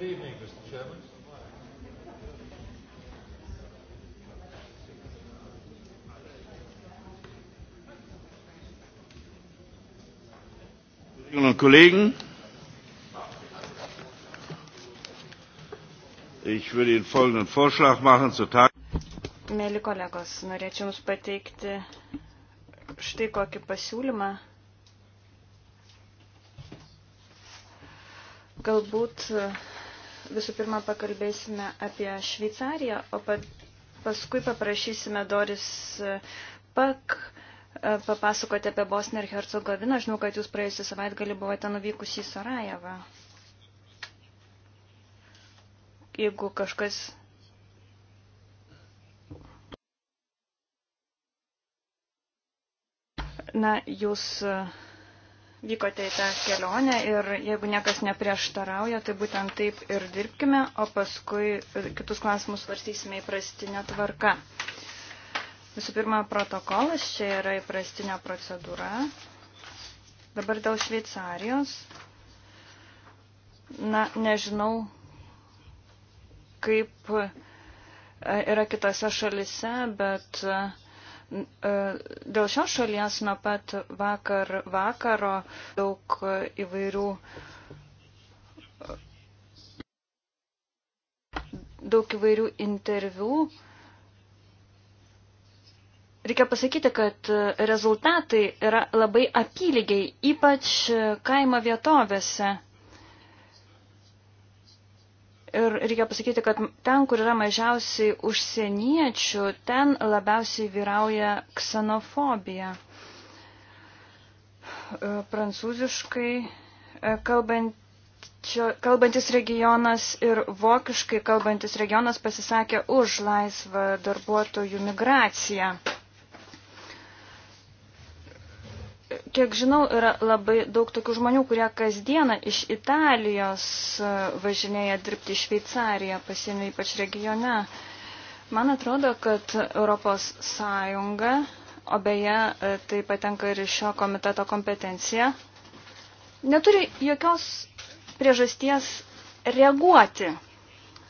Good evening, Mr. Chairman. Kolleginnen und Kollegen, ich würde Ihnen folgenden Vorschlag machen zur Tagesordnung. Mėly kolegos, norėčiau Jums pateikti štai kokį pasiūlymą. Galbūt visų pirma pakalbėsime apie Šveicariją, o pa, paskui paprašysime Doris e, Pak e, papasakoti apie Bosnę ir Hercegoviną. Žinau, kad jūs praėjusią savaitgalį buvote nuvykusi į Sarajevą. Jeigu kažkas na, jūs vykote į tą kelionę ir jeigu niekas neprieštarauja, tai būtent taip ir dirbkime, o paskui e, kitus klausimus svarstysime įprastinę tvarką. Visų pirma, protokolas čia yra įprastinė procedūra. Dabar dėl Šveicarijos. Na, nežinau, kaip e, yra kitose šalise, bet uh, Dėl šios šalies nuo pat vakar vakaro daug įvairių daug įvairių interviu. Reikia pasakyti, kad rezultatai yra labai apylygiai, ypač kaimo vietovėse. Ir reikia pasakyti, kad ten, kur yra mažiausiai užsieniečių, ten labiausiai vyrauja ksenofobija. E, prancūziškai e, kalbantis regionas ir vokiškai kalbantis regionas pasisakė už laisvą darbuotojų migraciją. kiek žinau, yra labai daug tokių žmonių, kurie kasdieną iš Italijos e, važinėja dirbti į Šveicariją, pasienio ypač regione. Man atrodo, kad Europos Sąjunga, o beje, e, tai patenka ir šio komiteto kompetencija, neturi jokios priežasties reaguoti.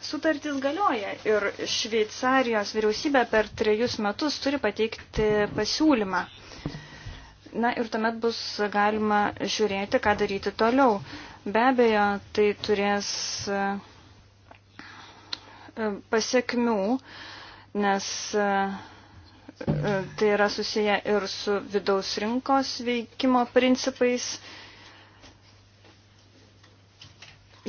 Sutartis galioja ir Šveicarijos vyriausybė per trejus metus turi pateikti pasiūlymą Na ir tuomet bus galima žiūrėti, ką daryti toliau. Be abejo, tai turės e, pasiekmių, nes e, e, tai yra susiję ir su vidaus rinkos veikimo principais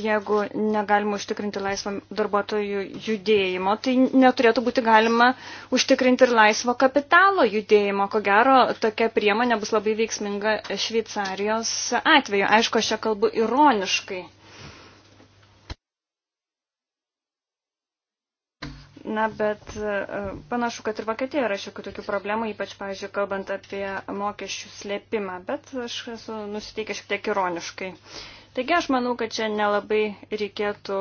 jeigu negalima užtikrinti laisvą darbuotojų judėjimo, tai neturėtų būti galima užtikrinti ir laisvo kapitalo judėjimo. Ko gero, tokia priemonė bus labai veiksminga Šveicarijos atveju. Aišku, aš čia kalbu ironiškai. Na, bet e, panašu, kad ir Vokietijoje yra šiokių tokių problemų, ypač, pavyzdžiui, kalbant apie mokesčių slėpimą, bet aš esu nusiteikęs šiek tiek ironiškai. Uh, Taigi aš manau, kad čia nelabai reikėtų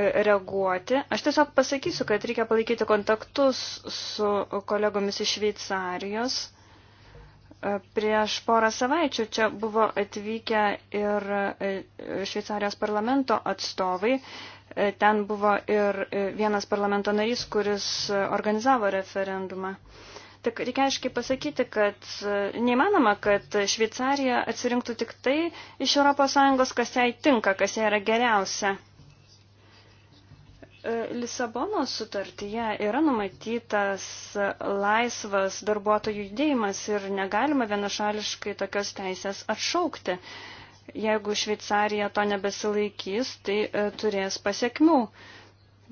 e, reaguoti. Aš tiesiog pasakysiu, kad reikia palaikyti kontaktus su kolegomis iš Šveicarijos. E, prieš porą savaičių čia buvo atvykę ir e, Šveicarijos parlamento atstovai. Ten buvo ir vienas parlamento narys, kuris organizavo referendumą. Tik reikia aiškiai pasakyti, kad e, neįmanoma, kad Šveicarija atsirinktų tik tai iš ES, kas jai tinka, kas jai yra geriausia. E, Lisabonos sutartyje yra numatytas laisvas darbuotojų judėjimas ir negalima vienašališkai tokios teisės atšaukti. Jeigu Šveicarija to nebesilaikys, tai e, turės pasiekmių.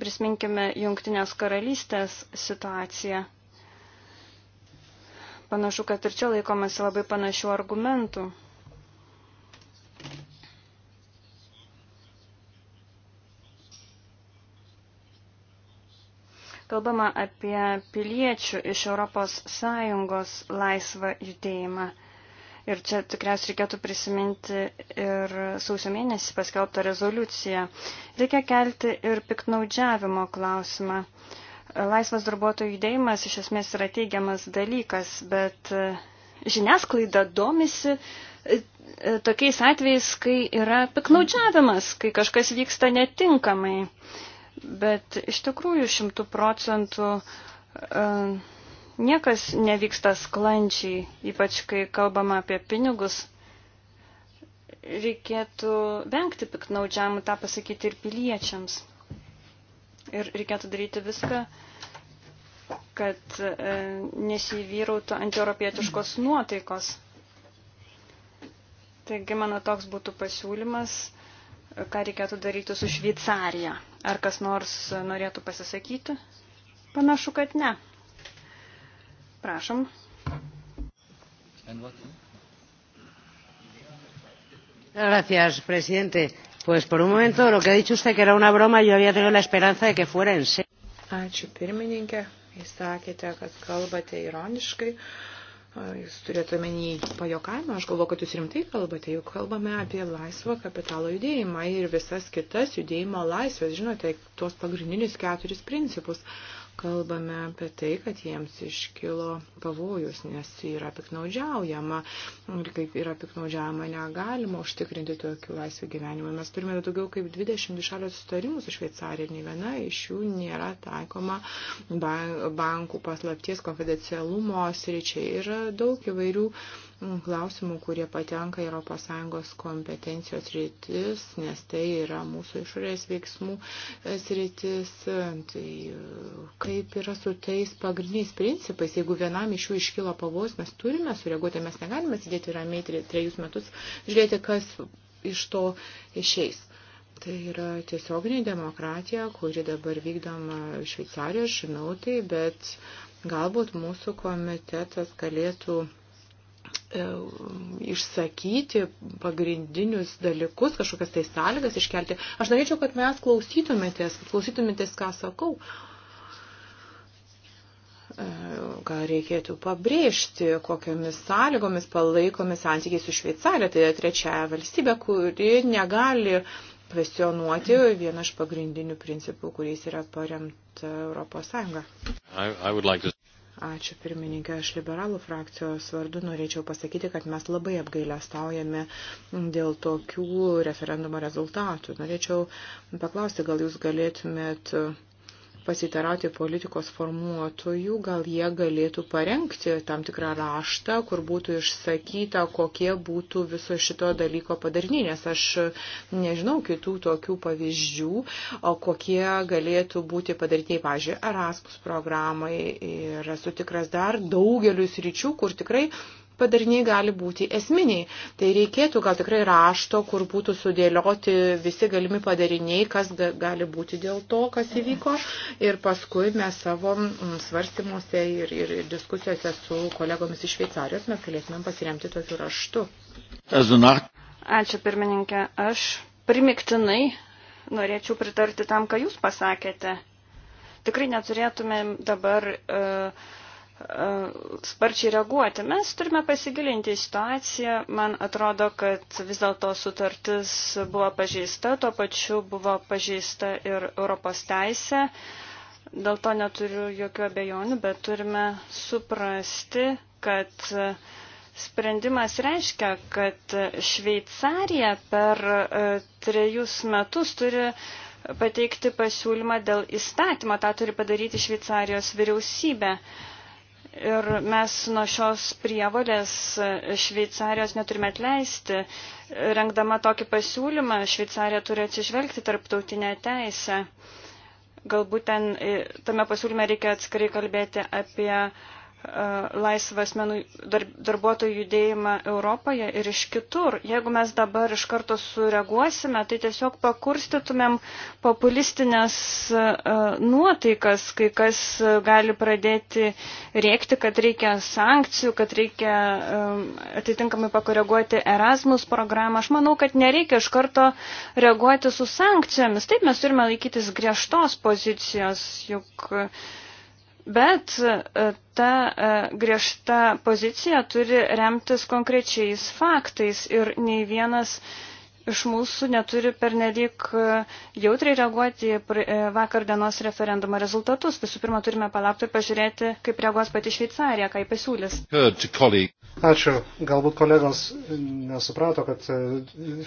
Prisiminkime Junktinės karalystės situaciją. Panašu, kad ir čia laikomasi labai panašių argumentų. Kalbama apie piliečių iš Europos Sąjungos laisvą judėjimą. Ir čia tikriausiai reikėtų prisiminti ir sausio mėnesį paskelbtą rezoliuciją. Reikia kelti ir piknaudžiavimo klausimą. Uh, Laisvas darbuotojų judėjimas iš esmės yra teigiamas dalykas, bet e, žiniasklaida domisi e, e, tokiais atvejais, kai yra piknaudžiavimas, kai kažkas vyksta netinkamai. Bet iš tikrųjų šimtų procentų niekas nevyksta sklandžiai, ypač kai kalbama apie pinigus. Reikėtų vengti piknaudžiamų, tą pasakyti ir piliečiams ir reikėtų daryti viską, kad e, nesivyrautų antieuropietiškos nuotaikos. Taigi mano toks būtų pasiūlymas, ką reikėtų daryti su Šveicarija. Ar kas nors norėtų pasisakyti? Panašu, kad ne. Prašom. Gracias, presidente. Pues por un momento lo que ha dicho usted que era una broma, yo había tenido la esperanza de que fuera en serio. Ačiū pirmininkė, jūs sakėte, kad kalbate ironiškai, jūs turėtumėte menį pajokavimą, aš galvoju, kad jūs rimtai kalbate, juk kalbame apie laisvą kapitalo judėjimą ir visas kitas judėjimo laisvės, žinote, tuos pagrindinius keturis principus. Uh, kalbame apie tai, kad jiems iškilo pavojus, nes yra piknaudžiaujama ir kaip yra piknaudžiaujama negalima užtikrinti tokių laisvių gyvenimą. Mes turime daugiau kaip 20 šalių sutarimų su Šveicarija ir nei viena iš jų nėra taikoma bankų paslapties konfidencialumo sričiai. Yra daug įvairių uh, klausimų, kurie patenka ES kompetencijos rytis, nes tai yra mūsų išorės veiksmų e, rytis. E, tai e, kaip yra su tais pagrindiniais principais, jeigu vienam iš jų iškyla pavojus, mes turime sureaguoti, mes negalime sėdėti ramiai trejus metus, žiūrėti, kas iš to išeis. Tai yra tiesioginė demokratija, kuri dabar vykdoma Šveicarijoje, žinau tai, bet galbūt mūsų komitetas galėtų E, išsakyti pagrindinius dalykus, kažkokias tai sąlygas iškelti. Aš norėčiau, kad mes klausytumėtės, kad klausytumėtės, ką sakau e, ką reikėtų pabrėžti, kokiamis sąlygomis palaikomi santykiai su Šveicarija, tai trečiaja valstybė, kuri negali kvestionuoti vieną iš pagrindinių principų, kuriais yra paremta Europos Sąjunga. I, I like to... Ačiū pirmininkė, aš liberalų frakcijos vardu norėčiau pasakyti, kad mes labai apgailę staujame dėl tokių referendumo rezultatų. Norėčiau paklausti, gal jūs galėtumėt. Uh, pasitarauti politikos formuotojų, gal jie galėtų parengti tam tikrą raštą, kur būtų išsakyta, kokie būtų viso šito dalyko padariniai, nes aš nežinau kitų tokių pavyzdžių, o kokie galėtų būti padariniai, pažiūrėjau, Erasmus programai ir esu tikras dar daugelius ryčių, kur tikrai padariniai gali būti esminiai. Tai reikėtų gal tikrai rašto, kur būtų sudėlioti visi galimi padariniai, kas gali būti dėl to, kas įvyko. Ir paskui mes savo mm, svarstymuose ir, ir diskusijose su kolegomis iš Šveicarijos mes galėtumėm pasiremti tokiu raštu. Ačiū pirmininkė. Aš primiktinai norėčiau pritarti tam, ką jūs pasakėte. Tikrai neturėtumėm dabar uh, sparčiai reaguoti. Mes turime pasigilinti į situaciją. Man atrodo, kad vis dėlto sutartis buvo pažeista, tuo pačiu buvo pažeista ir Europos teisė. Dėl to neturiu jokių abejonių, bet turime suprasti, kad sprendimas reiškia, kad Šveicarija per e, trejus metus turi pateikti pasiūlymą dėl įstatymą. Ta turi padaryti Šveicarijos vyriausybė. Ir mes nuo šios prievalės Šveicarijos neturime atleisti. Rengdama tokį pasiūlymą, Šveicarija turi atsižvelgti tarptautinę teisę. Galbūt ten e, tame pasiūlyme reikia atskirai kalbėti apie uh, E, laisvą asmenų dar, darbuotojų judėjimą Europoje ir iš kitur. Jeigu mes dabar iš karto sureaguosime, tai tiesiog pakurstytumėm populistinės uh, nuotaikas, kai kas e, gali pradėti rėkti, kad reikia sankcijų, kad reikia um, atitinkamai pakoreguoti Erasmus programą. Aš manau, kad nereikia iš karto reaguoti su sankcijomis. Taip mes turime laikytis griežtos pozicijos, juk uh, Bet e, ta e, griežta pozicija turi remtis konkrečiais faktais ir nei vienas iš mūsų neturi pernelyg e, jautriai reaguoti vakar dienos referendumo rezultatus. Visų pirma, turime palaukti ir pažiūrėti, kaip reaguos pati Šveicarija, ką jį pasiūlys. Ačiū. Galbūt kolegos nesuprato, kad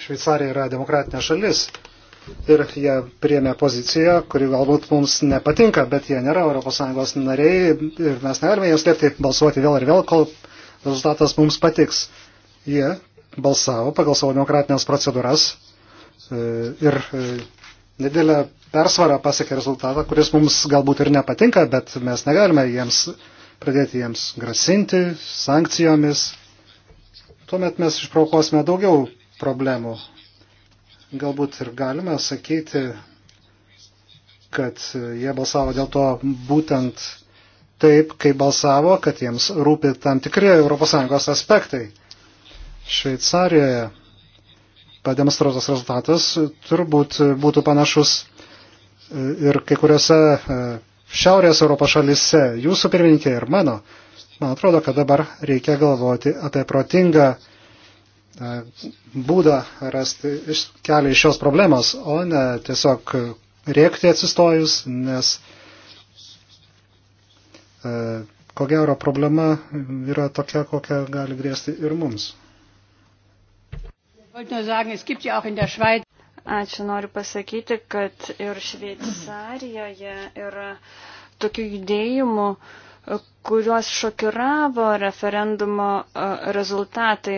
Šveicarija yra demokratinė šalis ir jie priemė poziciją, kuri galbūt mums nepatinka, bet jie nėra ES nariai ir mes negalime jiems liepti balsuoti vėl ir vėl, kol rezultatas mums patiks. Jie balsavo pagal savo demokratinės procedūras e, ir e, nedėlę persvarą pasiekė rezultatą, kuris mums galbūt ir nepatinka, bet mes negalime jiems pradėti jiems grasinti sankcijomis. Tuomet mes išprokuosime daugiau problemų galbūt ir galime sakyti, kad jie balsavo dėl to būtent taip, kaip balsavo, kad jiems rūpi tam tikri ES aspektai. Šveicarijoje pademonstruotas rezultatas turbūt būtų panašus e, ir kai kuriuose e, Šiaurės Europos šalise, jūsų pirmininkė ir mano. Man atrodo, kad dabar reikia galvoti apie protingą būdą rasti kelią iš šios problemos, o ne tiesiog rėkti atsistojus, nes e, ko gero problema yra tokia, kokia gali grėsti ir mums. Ačiū noriu pasakyti, kad ir Šveicarijoje yra tokių judėjimų, kuriuos šokiravo referendumo e, rezultatai.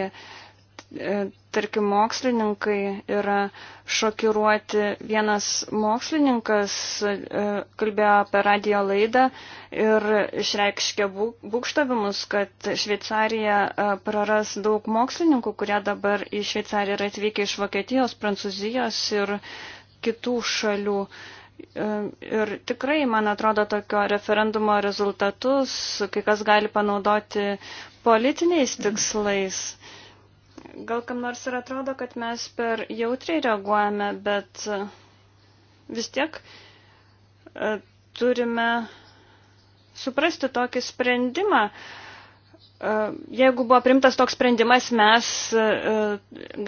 E, tarkim, mokslininkai yra šokiruoti. Vienas mokslininkas e, kalbėjo apie radio laidą ir išreikškė būkštavimus, kad Šveicarija e, praras daug mokslininkų, kurie dabar į Šveicariją yra atvykę iš Vokietijos, Prancūzijos ir kitų šalių. Ir tikrai, man atrodo, tokio referendumo rezultatus kai kas gali panaudoti politiniais tikslais. Gal kam nors ir atrodo, kad mes per jautriai reaguojame, bet e, vis tiek e, turime suprasti tokį sprendimą. E, jeigu buvo primtas toks sprendimas, mes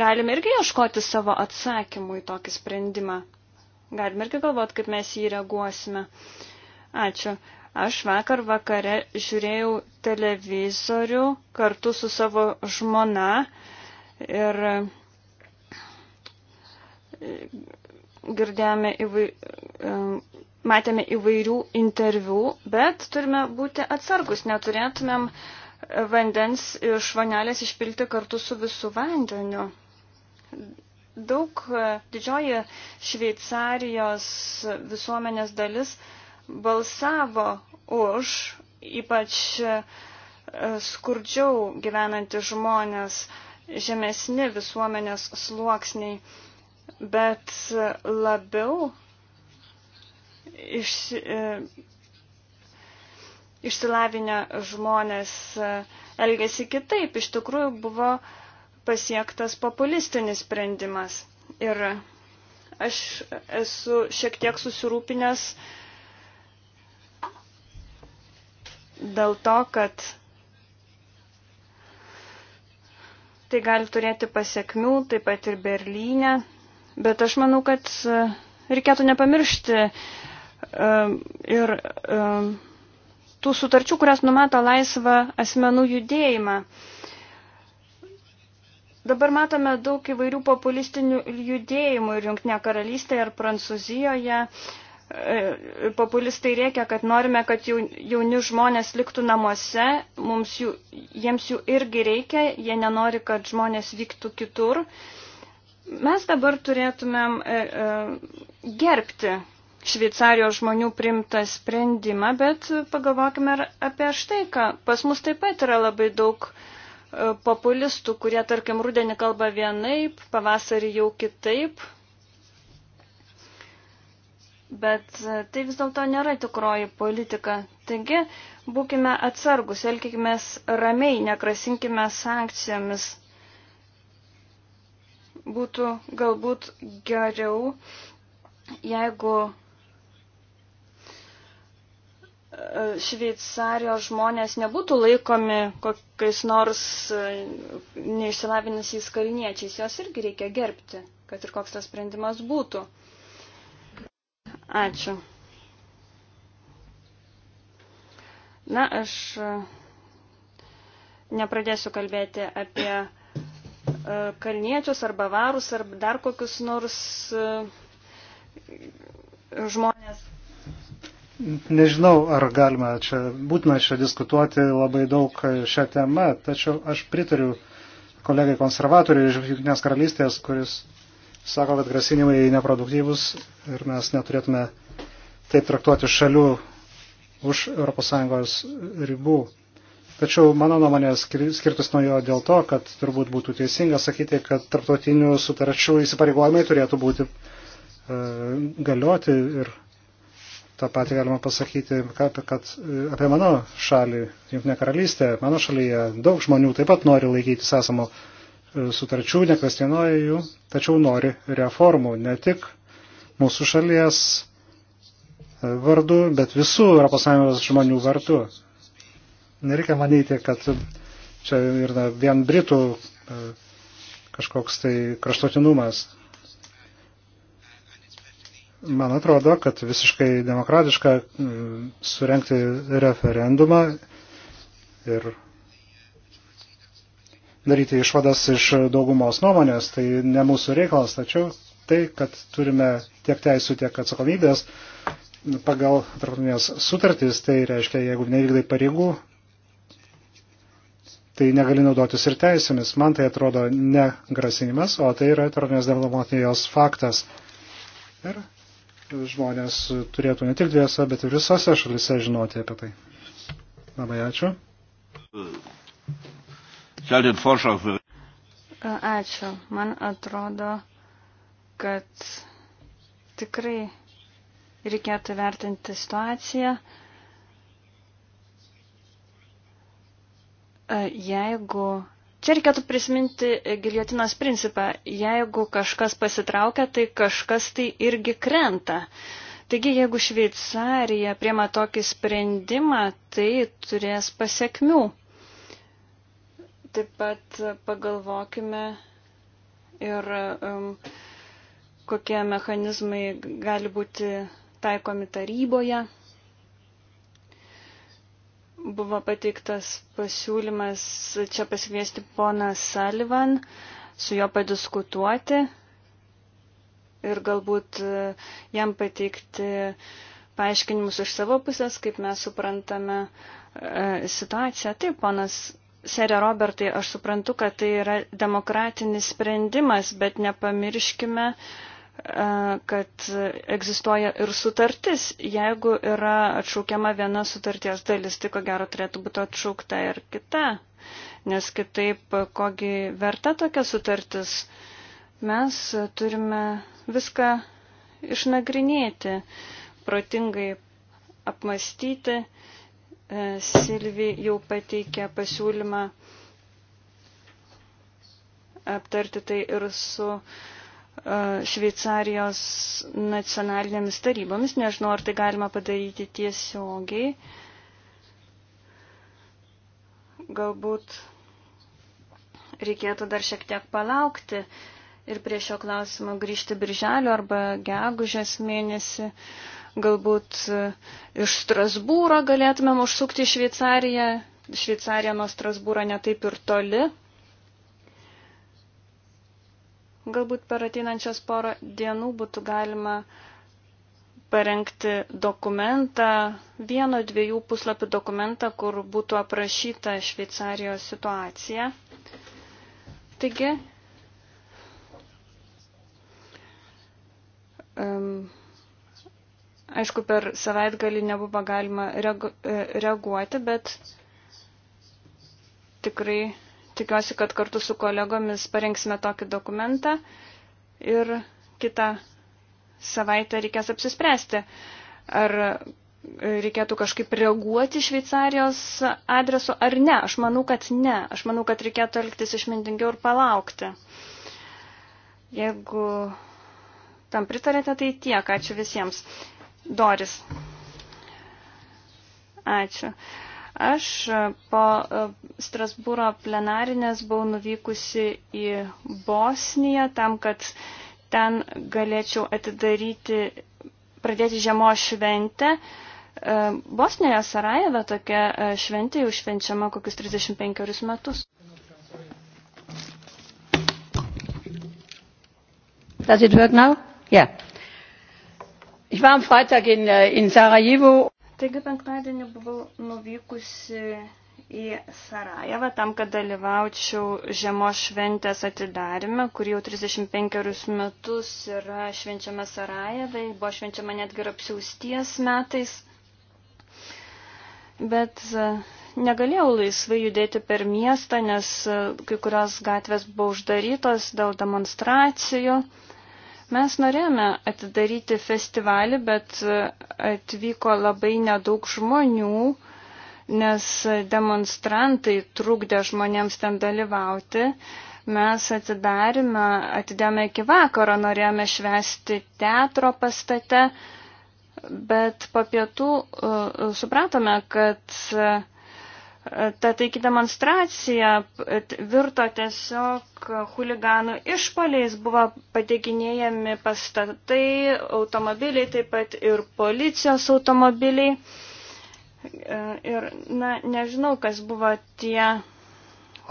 galime irgi ieškoti savo atsakymų į tokį sprendimą. Galime irgi galvoti, kaip mes jį reaguosime. Ačiū. Aš vakar vakare žiūrėjau televizorių kartu su savo žmona. Uh, Ir e, girdėjome įvai, e, matėme įvairių interviu, bet turime būti atsargus, neturėtumėm vandens iš vanelės išpilti kartu su visų vandeniu. Daug e, didžioji Šveicarijos visuomenės dalis balsavo už, ypač skurdžiau gyvenantys žmonės, uh, žemesni visuomenės sluoksniai, bet labiau iš, e, išsilavinę žmonės e, elgėsi kitaip. Iš tikrųjų buvo pasiektas populistinis sprendimas. Ir aš esu šiek tiek susirūpinęs dėl to, kad tai gali turėti pasiekmių, taip pat ir Berlyne. Bet aš manau, kad e, reikėtų nepamiršti e, ir e, tų sutarčių, kurias numato laisvą asmenų judėjimą. Dabar matome daug įvairių populistinių judėjimų ir Junktinė karalystė, ir Prancūzijoje. Uh, E, populistai reikia, kad norime, kad jauni žmonės liktų namuose, mums jų, jiems jų irgi reikia, jie nenori, kad žmonės vyktų kitur. Mes dabar turėtumėm e, e, gerbti Šveicarijos žmonių primtą sprendimą, bet pagalvokime apie štai ką. Pas mus taip pat yra labai daug populistų, kurie, tarkim, rudenį kalba vienaip, pavasarį jau kitaip, bet e, tai vis dėlto nėra tikroji politika. Taigi, būkime atsargus, elkime ramiai, nekrasinkime sankcijomis. Būtų galbūt geriau, jeigu e, Šveicarijos žmonės nebūtų laikomi kokiais nors e, neišsilavinusiais kalniečiais, jos irgi reikia gerbti, kad ir koks tas sprendimas būtų. Ačiū. Na, aš e, nepradėsiu kalbėti apie e, kalniečius ar bavarus ar dar kokius nors e, žmonės. Nežinau, ar galima čia, būtina čia diskutuoti labai daug šią temą, tačiau aš pritariu kolegai konservatoriui iš Junktinės karalystės, kuris sako, kad grasinimai neproduktyvus ir mes neturėtume taip traktuoti šalių už ES ribų. Tačiau mano nuomonė skirtus nuo jo dėl to, kad turbūt būtų teisinga sakyti, kad tarptautinių sutarčių įsipareigojimai turėtų būti e, galioti ir tą patį galima pasakyti kad, kad, e, apie mano šalį, Junktinę karalystę, mano šalyje daug žmonių taip pat nori laikytis esamo sutarčių, nekvestionuoja jų, tačiau nori reformų ne tik mūsų šalies e, vardu, bet visų ES žmonių vardu. Nereikia manyti, kad čia yra vien Britų e, kažkoks tai kraštutinumas. Man atrodo, kad visiškai demokratiška surenkti referendumą ir daryti išvadas iš daugumos nuomonės, tai ne mūsų reikalas, tačiau tai, kad turime tiek teisų, tiek atsakomybės pagal tarptautinės sutartys, tai reiškia, jeigu nevykdai pareigų, tai negali naudotis ir teisėmis. Man tai atrodo ne grasinimas, o tai yra tarptautinės diplomatijos faktas. Ir žmonės turėtų ne tik dviejose, bet ir visose šalise žinoti apie tai. Labai ačiū. Ačiū. Man atrodo, kad tikrai reikėtų vertinti situaciją. Jeigu Čia reikėtų prisiminti giliotinos principą. Jeigu kažkas pasitraukia, tai kažkas tai irgi krenta. Taigi, jeigu Šveicarija priema tokį sprendimą, tai turės pasiekmių. Taip pat pagalvokime ir um, kokie mechanizmai gali būti taikomi taryboje. Buvo pateiktas pasiūlymas čia pasikviesti poną Salivan, su juo padiskutuoti ir galbūt uh, jam pateikti paaiškinimus iš savo pusės, kaip mes suprantame e, situaciją. Taip, ponas Serė Robertai, aš suprantu, kad tai yra demokratinis sprendimas, bet nepamirškime, e, kad egzistuoja ir sutartis. Jeigu yra atšaukiama viena sutarties dalis, tai ko gero turėtų būti atšaukta ir kita, nes kitaip kogi verta tokia sutartis. Mes turime viską išnagrinėti, protingai apmastyti E, Silvi jau pateikė pasiūlymą aptarti tai ir su e, Šveicarijos nacionalinėmis tarybomis. Nežinau, ar tai galima padaryti tiesiogiai. Galbūt reikėtų dar šiek tiek palaukti ir prie šio klausimo grįžti birželio arba gegužės mėnesį. Uh, Galbūt e, iš Strasbūro galėtumėm užsukti į Šveicariją. Šveicarija nuo Strasbūro netaip ir toli. Galbūt per ateinančias porą dienų būtų galima parengti dokumentą, vieno dviejų puslapių dokumentą, kur būtų aprašyta Šveicarijos situacija. Taigi, um, Aišku, per savaitgalį nebuvo galima reagu, e, reaguoti, bet tikrai tikiuosi, kad kartu su kolegomis parengsime tokį dokumentą ir kitą savaitę reikės apsispręsti, ar reikėtų kažkaip reaguoti Šveicarijos adresu ar ne. Aš manau, kad ne. Aš manau, kad reikėtų elgtis išmintingiau ir palaukti. Jeigu tam pritarėte, tai tiek. Ačiū visiems. Doris. Ačiū. Aš e, po e, Strasbūro plenarinės buvau nuvykusi į Bosniją tam, kad ten galėčiau atidaryti, pradėti žiemos šventę. E, Bosnijoje Sarajeve tokia šventė jau švenčiama kokius 35 metus. Does it work now? Yeah. Ich war am Freitag in, äh, in Sarajevo. Taigi penktadienį buvau nuvykusi į Sarajevą tam, kad dalyvaučiau žiemos šventės atidarime, kur jau 35 metus yra švenčiama Sarajevai, buvo švenčiama netgi ir apsiausties metais. Bet e, negalėjau laisvai judėti per miestą, nes e, kai kurios gatvės buvo uždarytos dėl demonstracijų. Mes norėjome atidaryti festivalį, bet atvyko labai nedaug žmonių, nes demonstrantai trukdė žmonėms ten dalyvauti. Mes atidarime, atidėjome iki vakaro, norėjome švesti teatro pastate, bet po pietų uh, supratome, kad ta taiki demonstracija virto tiesiog huliganų išpoliais, buvo pateikinėjami pastatai, automobiliai, taip pat ir policijos automobiliai. Ir, na, nežinau, kas buvo tie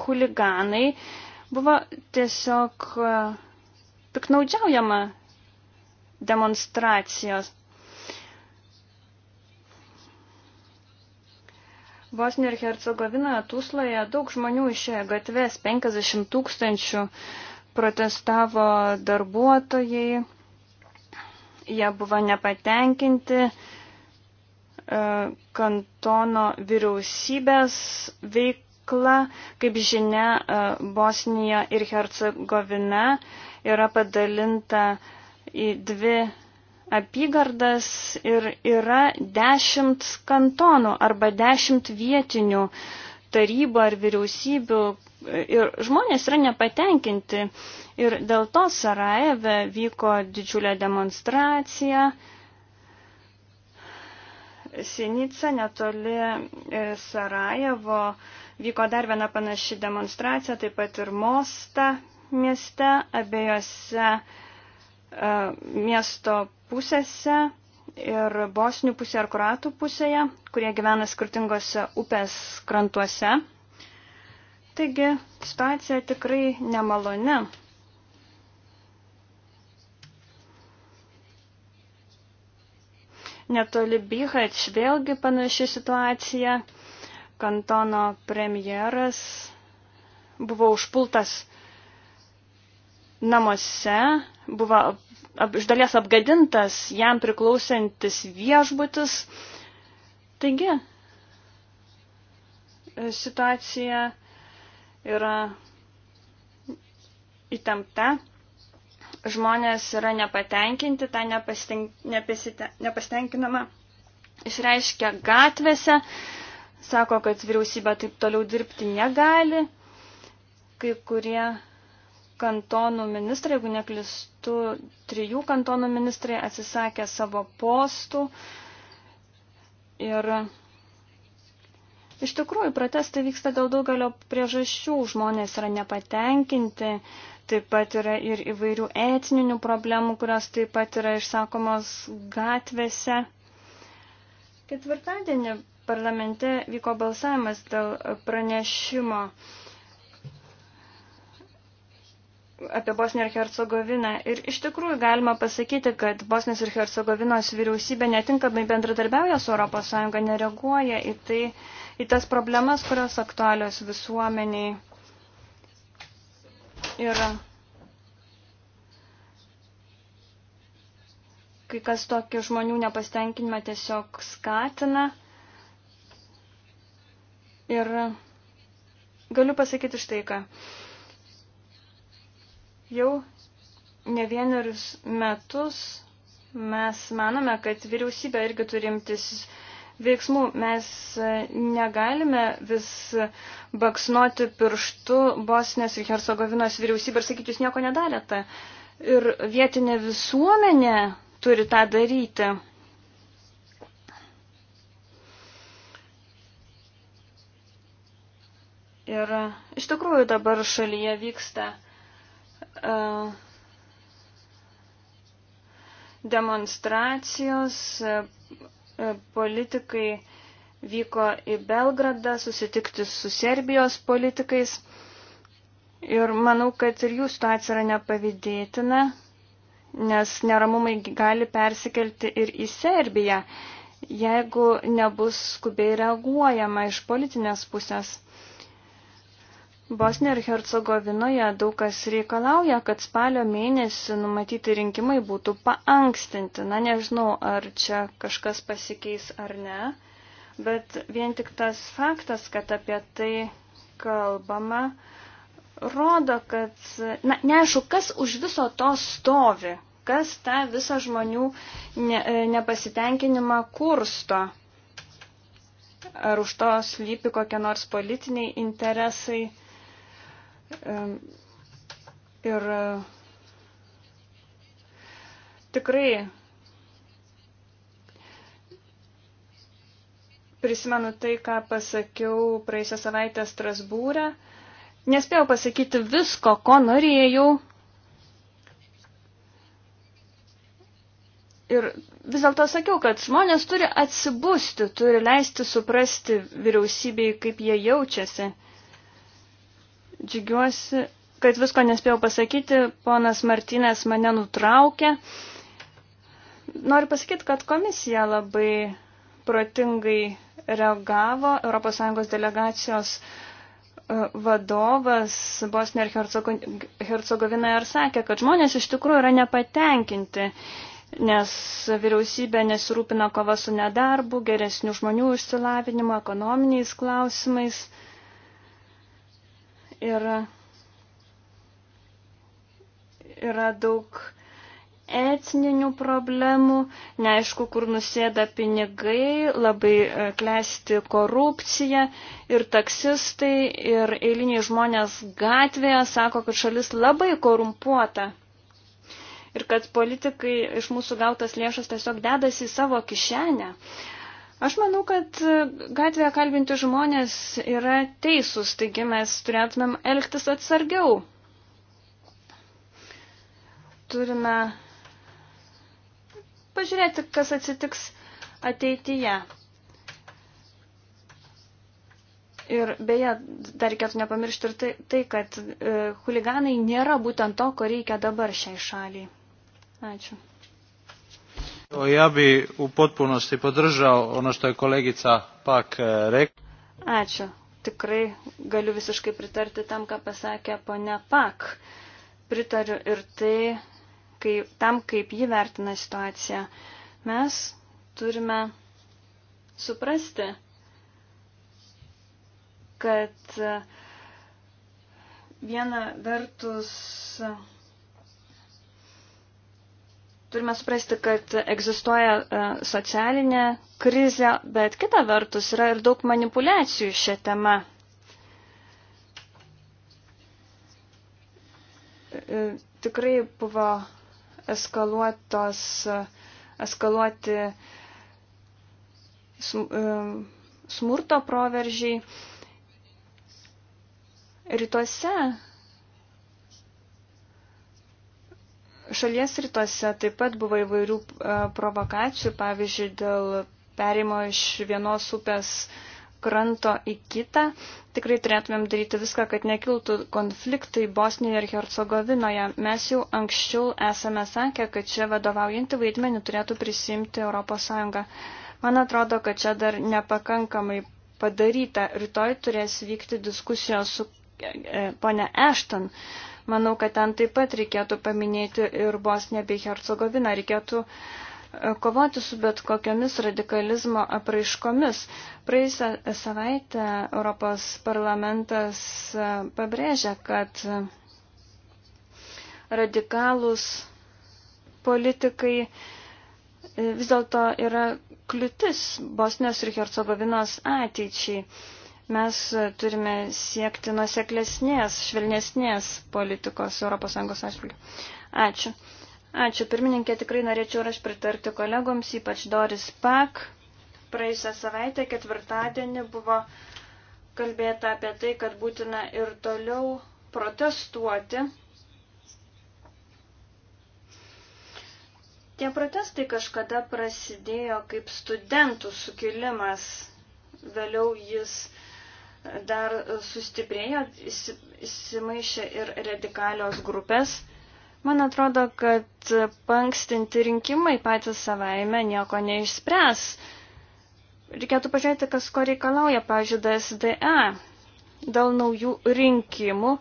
huliganai. Buvo tiesiog e, piknaudžiaujama demonstracijos Bosnijoje ir Hercegovinoje, Tūsloje daug žmonių išėjo gatves, 50 tūkstančių protestavo darbuotojai, jie buvo nepatenkinti e, kantono vyriausybės veikla, kaip žinia, e, Bosnija ir Hercegovina yra padalinta į dvi apygardas ir yra dešimt kantonų arba dešimt vietinių tarybų ar vyriausybių ir žmonės yra nepatenkinti. Ir dėl to Sarajeve vyko didžiulė demonstracija. Sinica netoli e, Sarajevo vyko dar viena panaši demonstracija, taip pat ir Mosta mieste, abiejose e, miesto pusėse ir bosnių pusėje ir kuratų pusėje, kurie gyvena skirtingose upės krantuose. Taigi situacija tikrai nemaloni. Netoli Bihač vėlgi panaši situacija. Kantono premjeras buvo užpultas namuose, buvo ap, iš dalies apgadintas jam priklausantis viešbutis. Taigi, situacija yra įtempta, žmonės yra nepatenkinti, tą nepasitenkinamą išreiškia gatvėse, sako, kad vyriausybė taip toliau dirbti negali, kai kurie kantonų ministrai, jeigu neklistu, metu trijų kantonų ministrai atsisakė savo postų ir iš tikrųjų protestai vyksta dėl daugelio priežasčių, žmonės yra nepatenkinti, taip pat yra ir įvairių etninių problemų, kurios taip pat yra išsakomos gatvėse. Ketvirtadienį parlamente vyko balsavimas dėl pranešimo apie Bosniją ir Hercegoviną. Ir iš tikrųjų galima pasakyti, kad Bosnijos ir Hercegovinos vyriausybė netinkamai bendradarbiauja su ES, nereaguoja į, tai, į tas problemas, kurios aktualios visuomeniai. Ir kai kas tokį žmonių nepastenkinimą tiesiog skatina. Ir galiu pasakyti štai ką. Jau ne vienerius metus mes manome, kad vyriausybė irgi turimtis veiksmų. Mes negalime vis baksnuoti pirštu Bosnės ir Hercegovinos vyriausybė ir sakyti, jūs nieko nedarėte. Ir vietinė visuomenė turi tą daryti. Ir iš tikrųjų dabar šalyje vyksta uh, demonstracijos, politikai vyko į Belgradą susitikti su Serbijos politikais. Ir manau, kad ir jų situacija yra nepavydėtina, nes neramumai gali persikelti ir į Serbiją, jeigu nebus skubiai reaguojama iš politinės pusės. Bosnė ir Hercegovinoje daug kas reikalauja, kad spalio mėnesį numatyti rinkimai būtų paankstinti. Na nežinau, ar čia kažkas pasikeis ar ne, bet vien tik tas faktas, kad apie tai kalbama, rodo, kad, na neaišku, kas už viso to stovi, kas tą visą žmonių ne, nepasitenkinimą kursto. Ar už to slypi kokie nors politiniai interesai Ir e, tikrai prisimenu tai, ką pasakiau praeisę savaitę Strasbūrę. Nespėjau pasakyti visko, ko norėjau. Ir vis dėlto sakiau, kad žmonės turi atsibusti, turi leisti suprasti vyriausybei, kaip jie jaučiasi. Džiugiuosi, kad visko nespėjau pasakyti, ponas Martinės mane nutraukė. Noriu pasakyti, kad komisija labai protingai reagavo. ES delegacijos e, vadovas Bosnija ir Hercegovina ir sakė, kad žmonės iš tikrųjų yra nepatenkinti, nes vyriausybė nesirūpina kova su nedarbu, geresnių žmonių išsilavinimu, ekonominiais klausimais yra, yra daug etninių problemų, neaišku, kur nusėda pinigai, labai e, klesti korupcija ir taksistai ir eiliniai žmonės gatvėje sako, kad šalis labai korumpuota ir kad politikai iš mūsų gautas lėšas tiesiog dedasi į savo kišenę. Aš manau, kad e, gatvėje kalbinti žmonės yra teisūs, taigi mes turėtumėm elgtis atsargiau. Turime pažiūrėti, kas atsitiks ateityje. Ir beje, dar reikėtų nepamiršti ir tai, tai kad e, huliganai nėra būtent to, ko reikia dabar šiai šaliai. Ačiū. Ja bi u potpunosti podržao ono što je kolegica Pak eh, rekla. Ačiū. Tikrai galiu visiškai pritarti tam, ką pasakė ponia Pak. Pritariu ir tai, kai, tam, kaip jį vertina situaciją. Mes turime suprasti, kad eh, viena vertus Turime suprasti, kad egzistuoja e, socialinė krizė, bet kita vertus yra ir daug manipulacijų šią temą. E, tikrai buvo eskaluotos, eskaluoti e, smurto proveržiai. Rytuose Šalies rytuose taip pat buvo įvairių e, provokacijų, pavyzdžiui, dėl perimo iš vienos upės kranto į kitą. Tikrai turėtumėm daryti viską, kad nekiltų konfliktai Bosnijoje ir Hercegovinoje. Mes jau anksčiau esame sakę, kad čia vadovaujantį vaidmenį turėtų prisimti ES. Man atrodo, kad čia dar nepakankamai padaryta. Rytoj turės vykti diskusijos su e, e, ponia Ešton. E, Manau, kad ten taip pat reikėtų paminėti ir Bosnė bei Hercegovina. Reikėtų e, kovoti su bet kokiamis radikalizmo apraiškomis. Praėjusią savaitę Europos parlamentas e, pabrėžia, kad radikalus politikai e, vis dėlto yra kliūtis Bosnijos ir Hercegovinos ateičiai. Mes turime siekti nuseklesnės, švelnesnės politikos ES atžvilgių. Ačiū. Ačiū, pirmininkė, tikrai norėčiau ir aš pritarti kolegoms, ypač Doris Pak. Praėjusią savaitę, ketvirtadienį, buvo kalbėta apie tai, kad būtina ir toliau protestuoti. Tie protestai kažkada prasidėjo kaip studentų sukilimas, vėliau jis dar sustiprėjo, įsimaišė ir radikalios grupės. Man atrodo, kad pankstinti rinkimai patys savaime nieko neišspręs. Reikėtų pažiūrėti, kas ko reikalauja, pavyzdžiui, DSDA. E dėl naujų rinkimų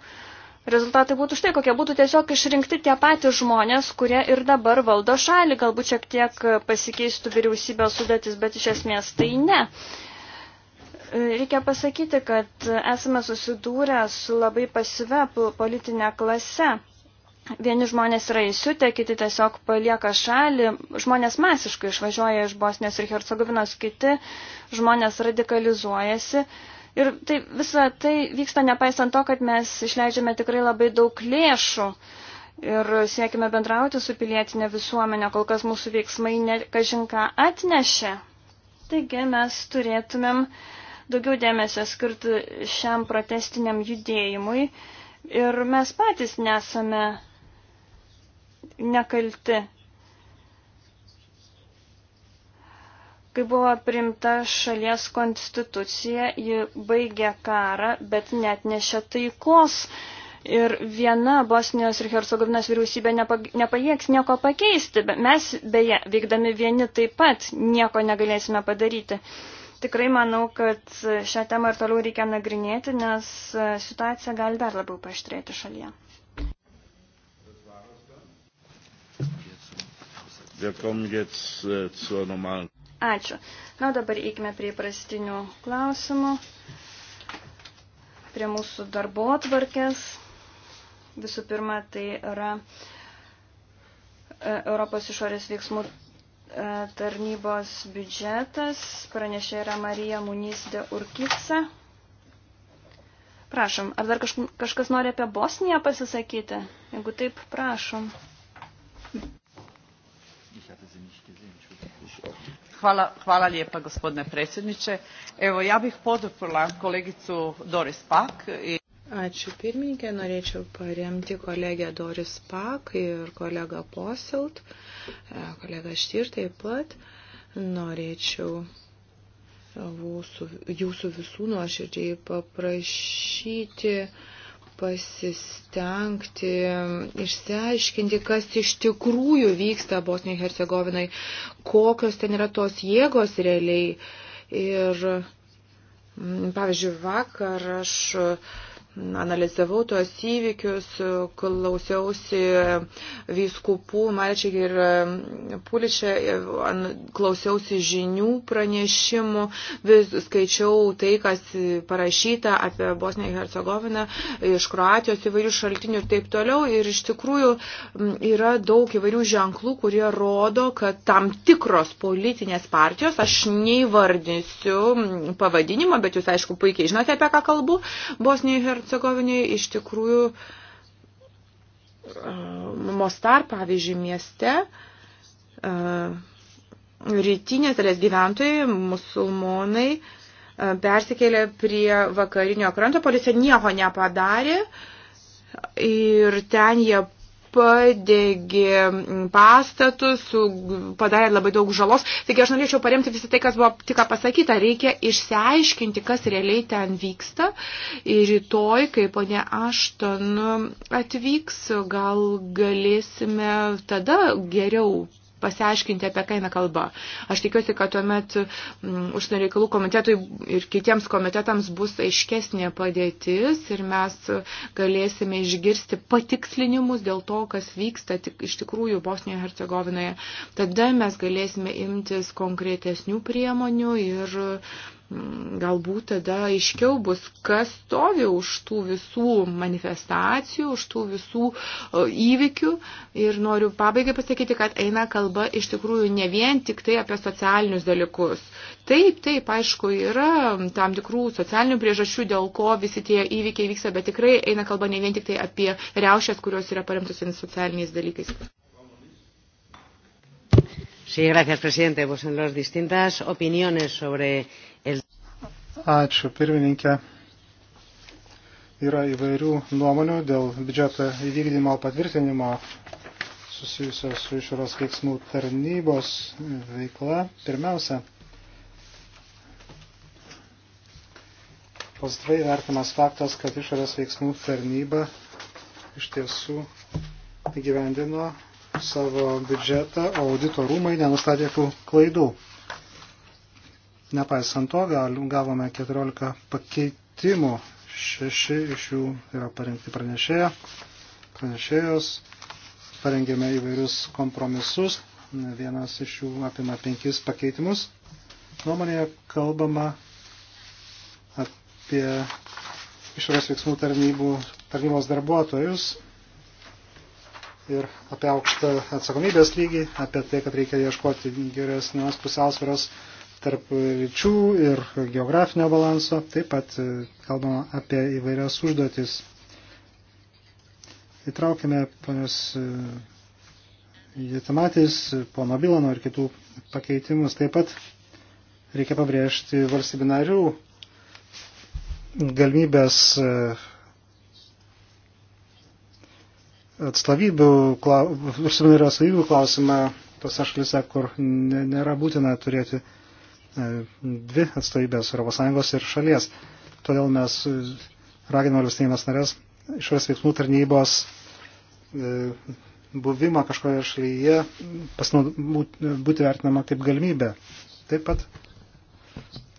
rezultatai būtų štai kokie, būtų tiesiog išrinkti tie patys žmonės, kurie ir dabar valdo šalį, galbūt šiek tiek pasikeistų vyriausybės sudėtis, bet iš esmės tai ne. Uh, Reikia pasakyti, kad esame susidūrę su labai pasive politinė klase. Vieni žmonės yra įsiutę, kiti tiesiog palieka šalį, žmonės masiškai išvažiuoja iš Bosnijos ir Hercegovinos, kiti žmonės radikalizuojasi. Ir tai, visa tai vyksta nepaisant to, kad mes išleidžiame tikrai labai daug lėšų ir siekime bendrauti su pilietinė visuomenė, kol kas mūsų veiksmai ne kažinką atnešė. Taigi mes turėtumėm uh, daugiau dėmesio skirti šiam protestiniam judėjimui ir mes patys nesame nekalti. Kai buvo primta šalies konstitucija, ji baigė karą, bet net nešė taikos. Ir viena Bosnijos ir Hercegovinos vyriausybė nepajėgs nieko pakeisti. Mes beje, veikdami vieni taip pat nieko negalėsime padaryti. Tikrai manau, kad šią temą ir toliau reikia nagrinėti, nes situacija gali dar labiau paštrėti šalyje. Äh, Ačiū. Na, dabar eikime prie prastinių klausimų, prie mūsų darbo atvarkės. Visų pirma, tai yra e, Europos išorės veiksmų E, tarnybos biudžetas. Pranešė yra Marija Munys de Urkice. Prašom, ar dar kažkas nori apie Bosniją pasisakyti? Jeigu taip, prašom. Hvala, hvala lijepa gospodine predsjedniče. Evo ja bih poduprla kolegicu Doris Pak. I... Ačiū pirmininkė, norėčiau paremti kolegę Doris Pak ir kolegą Poselt, e, kolegą Štir taip pat. Norėčiau jūsų, jūsų visų nuoširdžiai paprašyti pasistengti, išsiaiškinti, kas iš tikrųjų vyksta Bosnijoje Hercegovinai, kokios ten yra tos jėgos realiai. Ir, pavyzdžiui, vakar aš uh, analizavau tuos įvykius, klausiausi vyskupų, Malčik ir e, Puličia, e, klausiausi žinių pranešimų, vis skaičiau tai, kas parašyta apie Bosniją ir Hercegoviną iš Kroatijos įvairių šaltinių ir taip toliau. Ir iš tikrųjų yra daug įvairių ženklų, kurie rodo, kad tam tikros politinės partijos, aš neįvardinsiu pavadinimo, bet jūs aišku puikiai žinote, apie ką kalbu, Bosnijoje ir Hercegovinai iš tikrųjų Mostar, pavyzdžiui, mieste rytinės dalies gyventojai, musulmonai, persikėlė prie vakarinio kranto, policija nieko nepadarė ir ten jie padegė pastatus, padarė labai daug žalos. Taigi aš norėčiau paremti visą tai, kas buvo tik pasakyta. Reikia išsiaiškinti, kas realiai ten vyksta. Ir rytoj, kai ponė Ašton atvyks, gal galėsime tada geriau pasiaiškinti, apie ką eina kalba. Aš tikiuosi, kad tuomet mm, užsienio reikalų komitetui ir kitiems komitetams bus aiškesnė padėtis ir mes galėsime išgirsti patikslinimus dėl to, kas vyksta tik, iš tikrųjų Bosnijoje Hercegovinoje. Tada mes galėsime imtis konkretesnių priemonių ir Mm, galbūt tada aiškiau bus, kas stovi už tų visų manifestacijų, už tų visų įvykių. Ir noriu pabaigai pasakyti, kad eina kalba iš tikrųjų ne vien tik tai apie socialinius dalykus. Taip, taip, aišku, yra tam tikrų socialinių priežasčių, dėl ko visi tie įvykiai vyksta, bet tikrai eina kalba ne vien tik tai apie reušės, kurios yra paremtos socialiniais dalykais señor presidente pues en las distintas opiniones sobre el. ačiū pirmininke yra įvairių nuomonių dėl biudžeto įvykdymo patvirtinimo susijusio su išoros veiksmų tarnybos veikla. Pirmiausia, pozityviai vertimas faktas, kad išorės veiksmų tarnyba iš tiesų įgyvendino savo biudžetą, o audito rūmai nenustatė tų klaidų. Nepaisant to, gavome 14 pakeitimų, 6 iš jų yra parengti pranešėjo, pranešėjos, parengėme įvairius kompromisus, vienas iš jų apima 5 pakeitimus. Nuomonėje kalbama apie išorės veiksmų tarnybų, tarnybos darbuotojus ir apie aukštą atsakomybės lygį, apie tai, kad reikia ieškoti geresnės pusiausvėros tarp lyčių ir geografinio balanso. Taip pat e, kalbama apie įvairias užduotis. Įtraukime ponios e, Jėtamatys, pono Bilano ir kitų pakeitimus. Taip pat reikia pabrėžti valstybinarių galimybės e, atstovybių, užsienio ir atstovybių klausimą tose šalise, kur nėra būtina turėti e, dvi atstovybės ES ir šalies. Todėl mes raginame valstybės narės išorės veiksmų tarnybos e, buvimą kažkoje šalyje pasinaud, būti vertinama kaip galimybė. Taip pat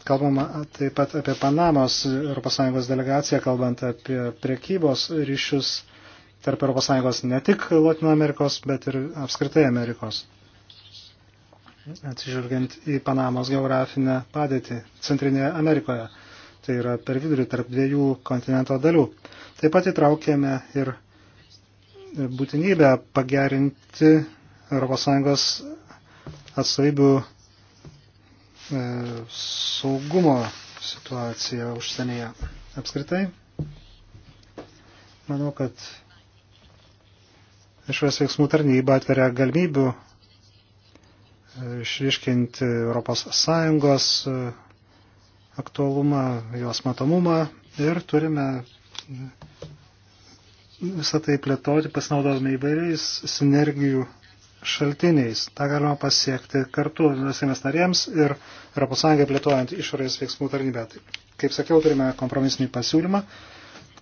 kalbama taip pat apie Panamos ES delegaciją, kalbant apie priekybos ryšius tarp ES ne tik Latino Amerikos, bet ir apskritai Amerikos. Atsižvelgiant į Panamos geografinę padėtį Centrinėje Amerikoje, tai yra per vidurį tarp dviejų kontinento dalių. Taip pat įtraukėme ir būtinybę pagerinti ES atsavybių e, saugumo situaciją užsienyje. Apskritai, manau, kad Išorės veiksmų tarnyba atveria galimybių e, išriškinti ES e, aktualumą, jos matomumą ir turime e, visą tai plėtoti, pasinaudodami įvairiais sinergijų šaltiniais. Ta galima pasiekti kartu visiems narėms ir ES plėtojant išorės veiksmų tarnybę. Tai, kaip sakiau, turime kompromisinį pasiūlymą,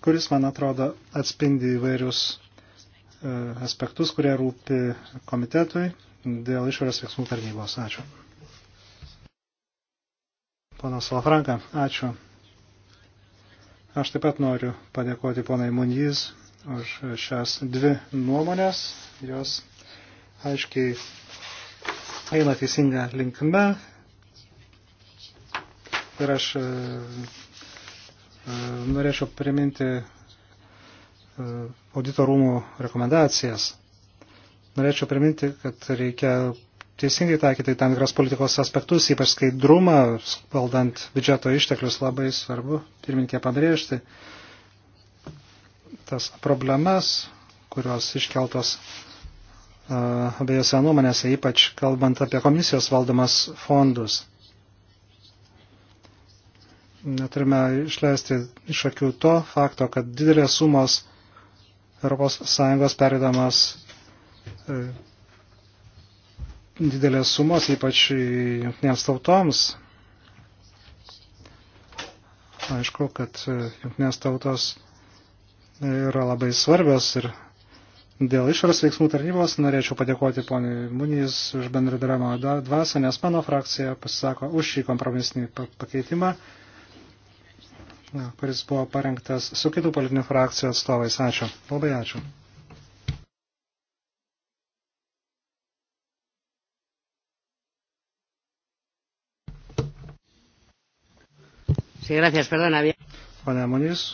kuris, man atrodo, atspindi įvairius E, aspektus, kurie rūpi komitetui dėl išorės veiksmų tarnybos. Ačiū. Ponas Lafranka, ačiū. Aš taip pat noriu padėkoti ponai Munjys už šias dvi nuomonės. Jos aiškiai eina teisinga linkme. Ir aš e, e, norėčiau priminti E, auditorumų rekomendacijas. Norėčiau priminti, kad reikia teisingai taikyti tam tikras politikos aspektus, ypač skaidrumą, valdant biudžeto išteklius labai svarbu, pirminkė pabrėžti, tas problemas, kurios iškeltos uh, abiejose nuomonėse, ypač kalbant apie komisijos valdomas fondus. Neturime išleisti iš akių to fakto, kad didelės sumos ES perėdamas e, didelės sumos, ypač jungtinėms tautoms. Aišku, kad e, jungtinės tautos e, yra labai svarbios ir dėl išras veiksmų tarnybos norėčiau padėkoti poniai Munijus už bendradarbiavimo dvasą, nes mano frakcija pasisako už šį kompromisinį pakeitimą. Pa kuris buvo parengtas su kitų politinių frakcijų atstovais. Ačiū. Labai ačiū. Sí, gracias, perdona. Pane Monys,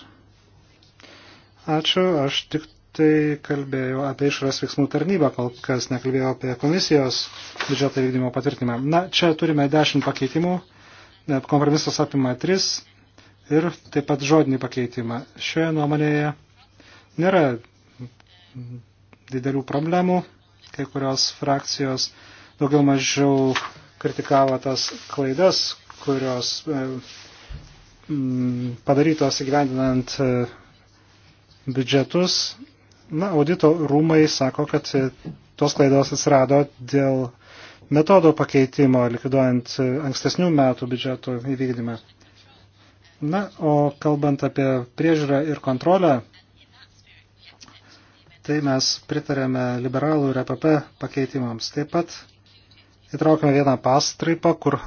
ačiū. Aš tik tai kalbėjau apie išras veiksmų tarnybą, kol kas nekalbėjau apie komisijos biudžeto vykdymo patvirtinimą. Na, čia turime 10 pakeitimų. Kompromisas apima 3 ir taip pat žodinį pakeitimą. Šioje nuomonėje nėra didelių problemų, kai kurios frakcijos daugiau mažiau kritikavo tas klaidas, kurios e, padarytos įgyvendinant e, biudžetus. Na, audito rūmai sako, kad e, tos klaidos atsirado dėl metodo pakeitimo likviduojant ankstesnių metų biudžeto įvykdymą. Na, o kalbant apie priežiūrą ir kontrolę, tai mes pritarėme liberalų ir EPP pakeitimams. Taip pat įtraukime vieną pastraipą, kur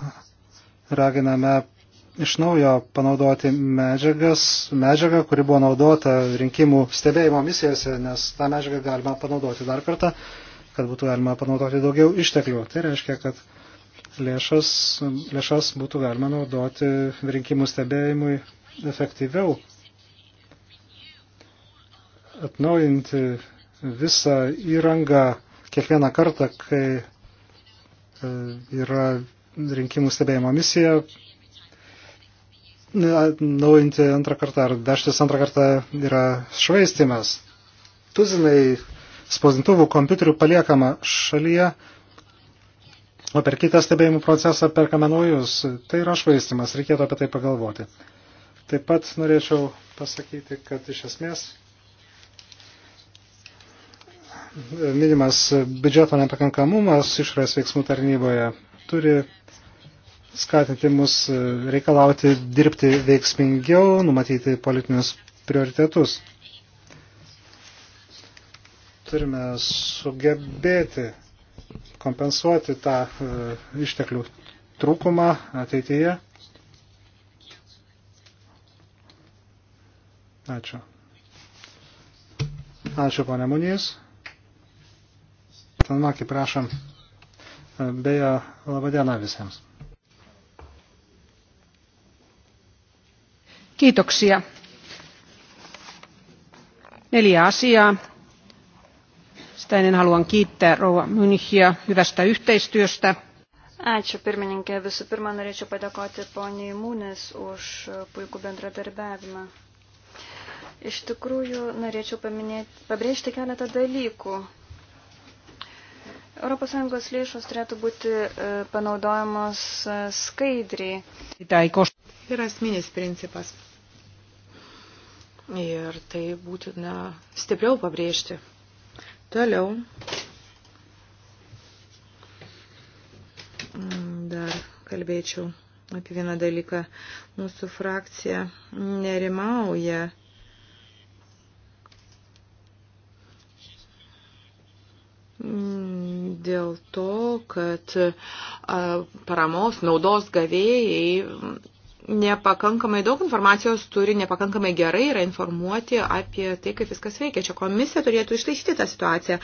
raginame iš naujo panaudoti medžiagas, medžiagą, kuri buvo naudota rinkimų stebėjimo misijose, nes tą medžiagą galima panaudoti dar kartą, kad būtų galima panaudoti daugiau išteklių. Tai reiškia, kad lėšas, lėšas būtų galima naudoti rinkimų stebėjimui efektyviau, atnaujinti visą įrangą kiekvieną kartą, kai e, yra rinkimų stebėjimo misija, naujinti antrą kartą ar dažtis antrą kartą yra švaistimas. Tuzinai spausdintuvų kompiuterių paliekama šalyje, O per kitą stebėjimų procesą perkame naujus. Tai yra švaistimas, reikėtų apie tai pagalvoti. Taip pat norėčiau pasakyti, kad iš esmės minimas biudžeto nepakankamumas išorės veiksmų tarnyboje turi skatinti mus reikalauti dirbti veiksmingiau, numatyti politinius prioritetus. Turime sugebėti kompensuoti tą e, išteklių trūkumą ateityje. Ačiū. Ačiū, ponė Munys. Tanmakį prašom. E, beje, laba diena visiems. Kiitoksia. Neljä asiaa. Sitä ennen haluan kiittää Rouva Münchia hyvästä yhteistyöstä. Ačiū pirmininkė. Visų pirma, norėčiau padėkoti poniai Mūnės už puikų bendradarbiavimą. Iš tikrųjų, norėčiau paminėti, pabrėžti keletą dalykų. ES lėšos turėtų būti e, panaudojamos e, skaidriai. Yra asmeninis principas. Ir tai būtina stipriau pabrėžti. Toliau. Dar kalbėčiau apie vieną dalyką. Mūsų frakcija nerimauja. Dėl to, kad paramos naudos gavėjai nepakankamai daug informacijos turi, nepakankamai gerai yra informuoti apie tai, kaip viskas veikia. Čia komisija turėtų ištaisyti tą situaciją.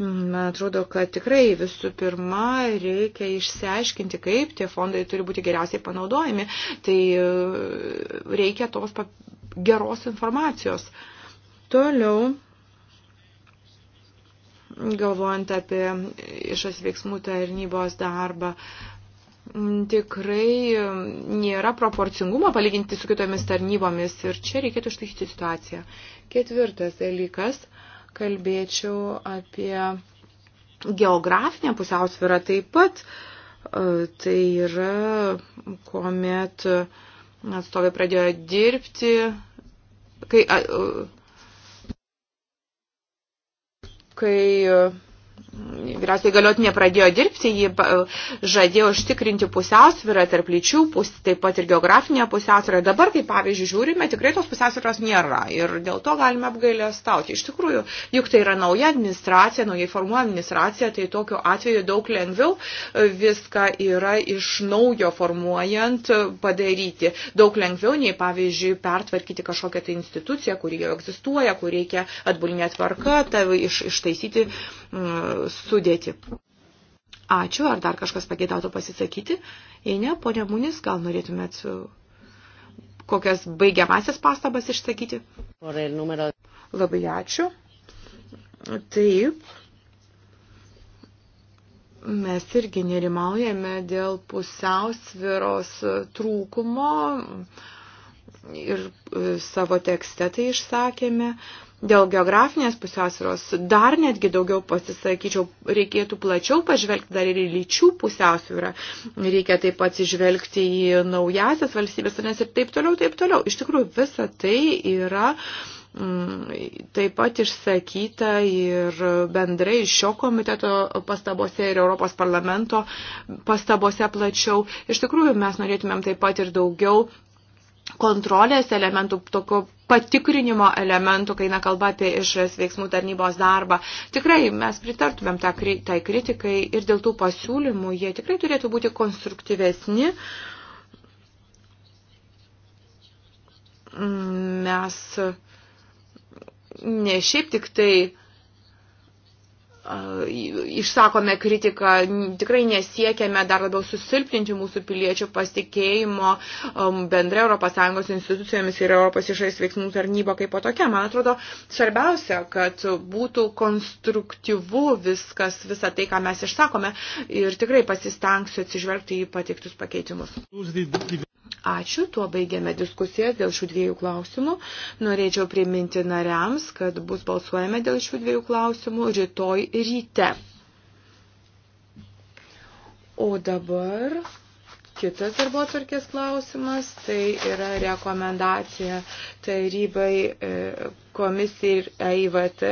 Mm, man atrodo, kad tikrai visų pirma reikia išsiaiškinti, kaip tie fondai turi būti geriausiai panaudojami. Tai e, reikia tos geros informacijos. Toliau galvojant apie išas veiksmų tarnybos darbą, tikrai nėra proporcingumo palyginti su kitomis tarnybomis ir čia reikėtų ištaisyti situaciją. Ketvirtas dalykas, kalbėčiau apie geografinę pusiausvyrą taip pat, e, tai yra, kuomet atstovai pradėjo dirbti, kai, kai vyriausiai galiotinė pradėjo dirbti, ji e, žadėjo užtikrinti pusiausvyrą tarp lyčių, pus, taip pat ir geografinę pusiausvyrą. Dabar, kai pavyzdžiui, žiūrime, tikrai tos pusiausvyros nėra ir dėl to galime apgailę stauti. Iš tikrųjų, juk tai yra nauja administracija, naujai formuoja administracija, tai tokiu atveju daug lengviau e, viską yra iš naujo formuojant e, padaryti. Daug lengviau nei, pavyzdžiui, pertvarkyti kažkokią tai instituciją, kuri jau egzistuoja, kur reikia atbulinę tvarką, tai iš, ištaisyti. Mm, sudėti. Ačiū, ar dar kažkas pagėdautų pasisakyti? Jei ne, ponė Munis, gal norėtumėt kokias baigiamasias pastabas išsakyti? Labai ačiū. Taip. Mes irgi nerimaujame dėl pusiausviros trūkumo ir e, savo tekste tai išsakėme. Dėl geografinės pusiausvėros dar netgi daugiau pasisakyčiau, reikėtų plačiau pažvelgti dar ir į lyčių pusiausvyrą. Reikia taip pat atsižvelgti į naujasias valstybės, nes ir taip toliau, taip toliau. Iš tikrųjų, visa tai yra mm, taip pat išsakyta ir bendrai šio komiteto pastabose ir Europos parlamento pastabose plačiau. Iš tikrųjų, mes norėtumėm taip pat ir daugiau kontrolės elementų, tokio patikrinimo elementų, kai nekalba apie išras veiksmų tarnybos darbą. Tikrai mes pritartumėm tą, tai kritikai ir dėl tų pasiūlymų jie tikrai turėtų būti konstruktyvesni. Mm, mes ne šiaip tik tai išsakome kritiką, tikrai nesiekėme dar labiau susilpninti mūsų piliečių pasitikėjimo um, bendra ES institucijomis ir ES išorės veiksmų tarnyba kaip po tokia. Man atrodo, svarbiausia, kad būtų konstruktyvu viskas, visa tai, ką mes išsakome ir tikrai pasistengsiu atsižvelgti į pateiktus pakeitimus. Ačiū, tuo baigėme diskusijas dėl šių dviejų klausimų. Norėčiau priminti nariams, kad bus balsuojame dėl šių dviejų klausimų rytoj ryte. O dabar kitas darbo atvarkės klausimas, tai yra rekomendacija tarybai. E, komisija ir EIVT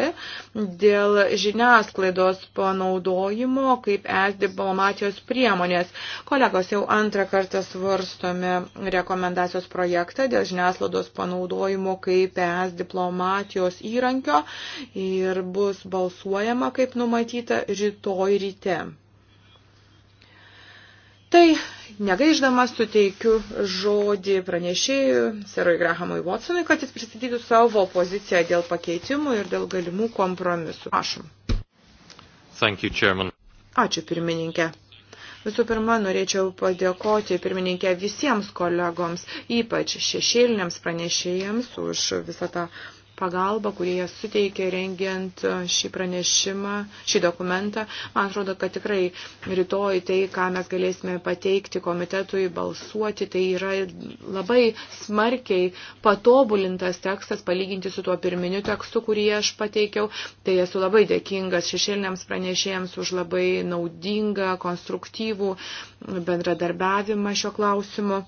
dėl žiniasklaidos panaudojimo kaip es diplomatijos priemonės. Kolegos, jau antrą kartą svarstome rekomendacijos projektą dėl žiniasklaidos panaudojimo kaip es diplomatijos įrankio ir bus balsuojama, kaip numatyta, rytoj ryte. Tai negaiždamas suteikiu žodį pranešėjui Serui Grahamui Watsonui, kad jis pristatytų savo poziciją dėl pakeitimų ir dėl galimų kompromisų. Prašom. Thank you, Chairman. Ačiū, pirmininkė. Visų pirma, norėčiau padėkoti pirmininkė visiems kolegoms, ypač šešėliniams pranešėjams už visą tą pagalbą, kurie jie suteikė rengiant e, šį pranešimą, šį dokumentą. Man atrodo, kad tikrai rytoj tai, ką mes galėsime pateikti komitetui, balsuoti, tai yra labai smarkiai patobulintas tekstas, palyginti su tuo pirminiu tekstu, kurį aš pateikiau. Tai esu labai dėkingas šešėliniams pranešėjams už labai naudingą, konstruktyvų bendradarbiavimą šio klausimu.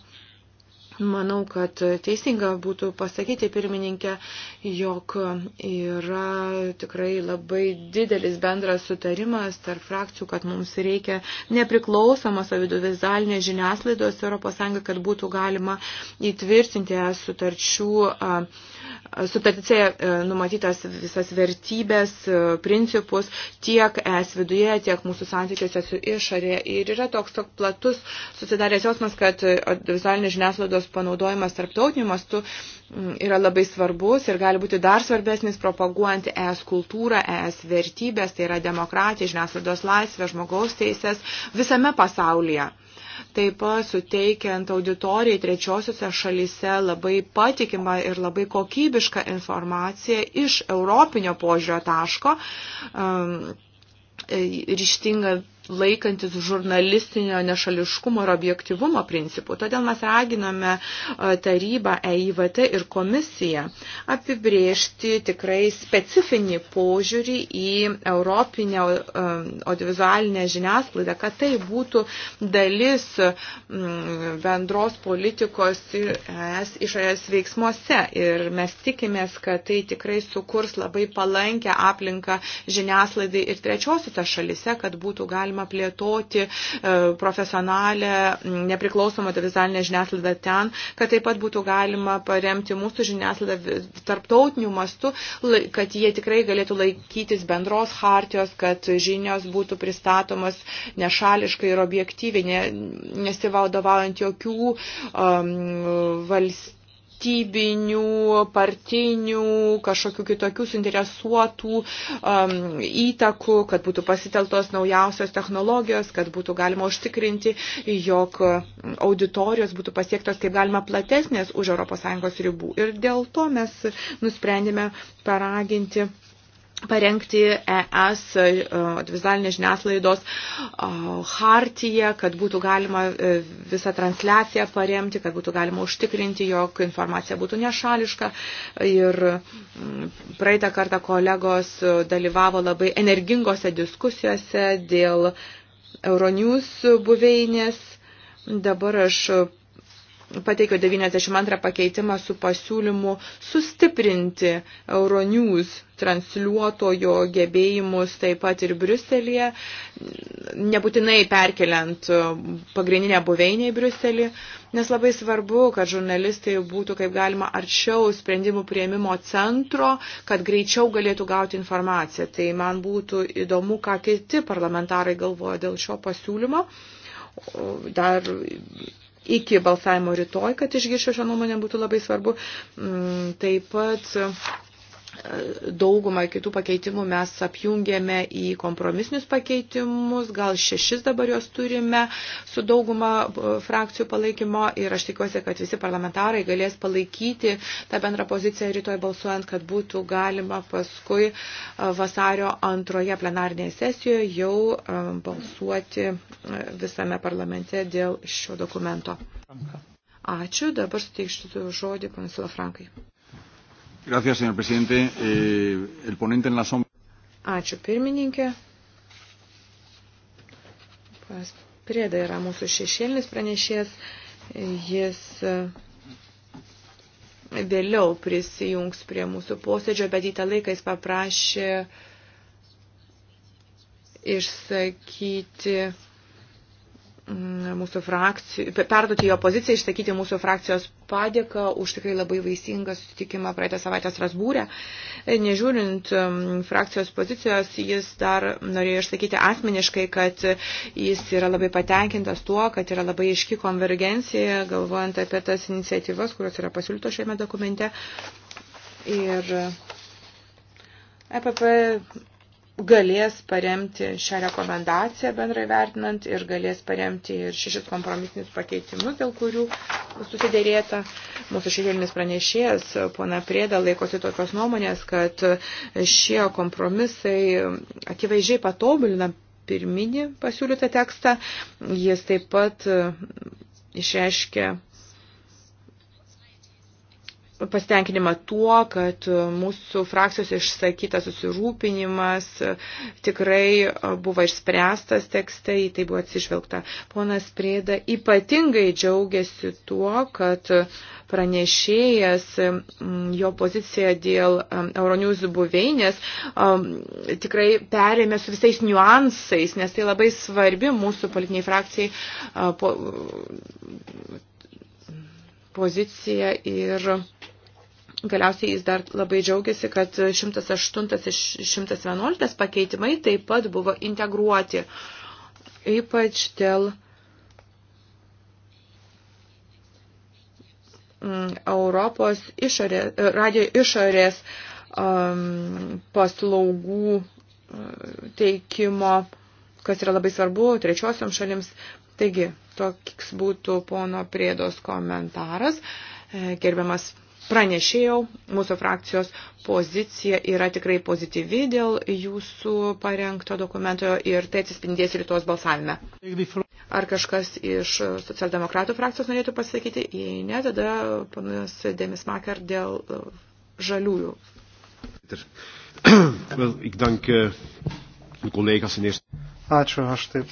Manau, kad teisinga būtų pasakyti pirmininkė, jog yra tikrai labai didelis bendras sutarimas tarp frakcijų, kad mums reikia nepriklausomos aviduvizalinės žiniaslaidos ES, kad būtų galima įtvirtinti sutarčių, sutartice e, numatytas visas vertybės, e, principus tiek es viduje, tiek mūsų santykiuose su išorė. Ir yra toks, toks platus susidaręs jausmas, kad audiovizualinės žiniaslaidos panaudojimas tarptautiniu mastu mm, yra labai svarbus ir gali būti dar svarbesnis propaguojant ES kultūrą, ES vertybės, tai yra demokratija, žiniasklaidos laisvė, žmogaus teisės visame pasaulyje taip pat suteikiant auditorijai trečiosiuose šalyse labai patikimą ir labai kokybišką informaciją iš europinio požiūrio taško. Um, ryštinga laikantis žurnalistinio nešališkumo ir objektivumo principų. Todėl mes raginame e, tarybą EIVT ir komisiją apibriežti tikrai specifinį požiūrį į europinę e, audiovizualinę žiniasklaidą, kad tai būtų dalis bendros politikos ir es išorės veiksmuose. Ir mes tikimės, kad tai tikrai sukurs labai palankę aplinką žiniasklaidai ir trečiosiuose šalise, kad būtų galima galima plėtoti e, profesionalę, nepriklausomą vizualinę žiniasklaidą ten, kad taip pat būtų galima paremti mūsų žiniasklaidą tarptautiniu mastu, kad jie tikrai galėtų laikytis bendros hartijos, kad žinios būtų pristatomas nešališkai ir objektyviai, ne, nesivadovaujant jokių um, valstybių valstybinių, partinių, kažkokių kitokių suinteresuotų um, įtakų, kad būtų pasiteltos naujausios technologijos, kad būtų galima užtikrinti, jog auditorijos būtų pasiektos kaip galima platesnės už ES ribų. Ir dėl to mes nusprendėme paraginti parengti ES e, vizualinės žiniaslaidos hartiją, kad būtų galima e, visą transliaciją paremti, kad būtų galima užtikrinti, jog informacija būtų nešališka. Ir praeitą kartą kolegos dalyvavo labai energingose diskusijose dėl Euronews buveinės. Dabar aš pateikiau 92 pakeitimą su pasiūlymu sustiprinti Euronews transliuotojo gebėjimus taip pat ir Briuselėje, nebūtinai perkeliant pagrindinę buveinę į Briuselį, nes labai svarbu, kad žurnalistai būtų kaip galima arčiau sprendimų prieimimo centro, kad greičiau galėtų gauti informaciją. Tai man būtų įdomu, ką kiti parlamentarai galvoja dėl šio pasiūlymo. Dar iki balsavimo rytoj, kad išgirščiau šią nuomonę būtų labai svarbu. Mm, taip pat daugumą kitų pakeitimų mes apjungėme į kompromisinius pakeitimus, gal šešis dabar juos turime su dauguma e, frakcijų palaikymo ir aš tikiuosi, kad visi parlamentarai galės palaikyti tą bendrą poziciją rytoj balsuojant, kad būtų galima paskui e, vasario antroje plenarnėje sesijoje jau e, balsuoti visame parlamente dėl šio dokumento. Ačiū, dabar suteikštų žodį, panas Lafrankai. Gracias, señor presidente. Eh, el ponente en la sombra. Ačiū pirmininkė. Pas prieda yra mūsų šešėlinis pranešėjas. Jis e, vėliau prisijungs prie mūsų posėdžio, bet į tą laiką jis paprašė išsakyti Mm, mūsų frakcijų, perduoti jo poziciją, išsakyti mūsų frakcijos padėką už tikrai labai vaisingą susitikimą praeitą savaitę Strasbūrę. E, nežiūrint mm, frakcijos pozicijos, jis dar norėjo išsakyti asmeniškai, kad jis yra labai patenkintas tuo, kad yra labai iški konvergencija, galvojant apie tas iniciatyvas, kurios yra pasiūlyto šiame dokumente. Ir EPP e galės paremti šią rekomendaciją bendrai vertinant ir galės paremti ir šešis kompromisinius pakeitimus, dėl kurių susidėrėta. Mūsų šešėlinis pranešėjas, pona Prėda, laikosi tokios nuomonės, kad šie kompromisai akivaizdžiai patobulina pirminį pasiūlytą tekstą. Jis taip pat išreiškia pasitenkinimą tuo, kad mūsų frakcijos išsakytas susirūpinimas tikrai buvo išspręstas tekste, į tai buvo atsižvelgta. Ponas Prėda ypatingai džiaugiasi tuo, kad pranešėjas mm, jo poziciją dėl mm, Euronius buveinės mm, tikrai perėmė su visais niuansais, nes tai labai svarbi mūsų politiniai frakcijai poziciją ir Galiausiai jis dar labai džiaugiasi, kad 108 ir 111 pakeitimai taip pat buvo integruoti, ypač dėl mm, Europos išorė, radio išorės um, paslaugų mm, teikimo, kas yra labai svarbu, trečiosiam šalims Taigi, toks būtų pono priedos komentaras. E, gerbiamas pranešėjau, mūsų frakcijos pozicija yra tikrai pozityvi dėl jūsų parengto dokumento ir tai atsispindės rytos balsavime. Ar kažkas iš socialdemokratų frakcijos norėtų pasakyti? Jei ne, tada panas Demis Makar dėl žaliųjų. Eh, Ačiū, aš taip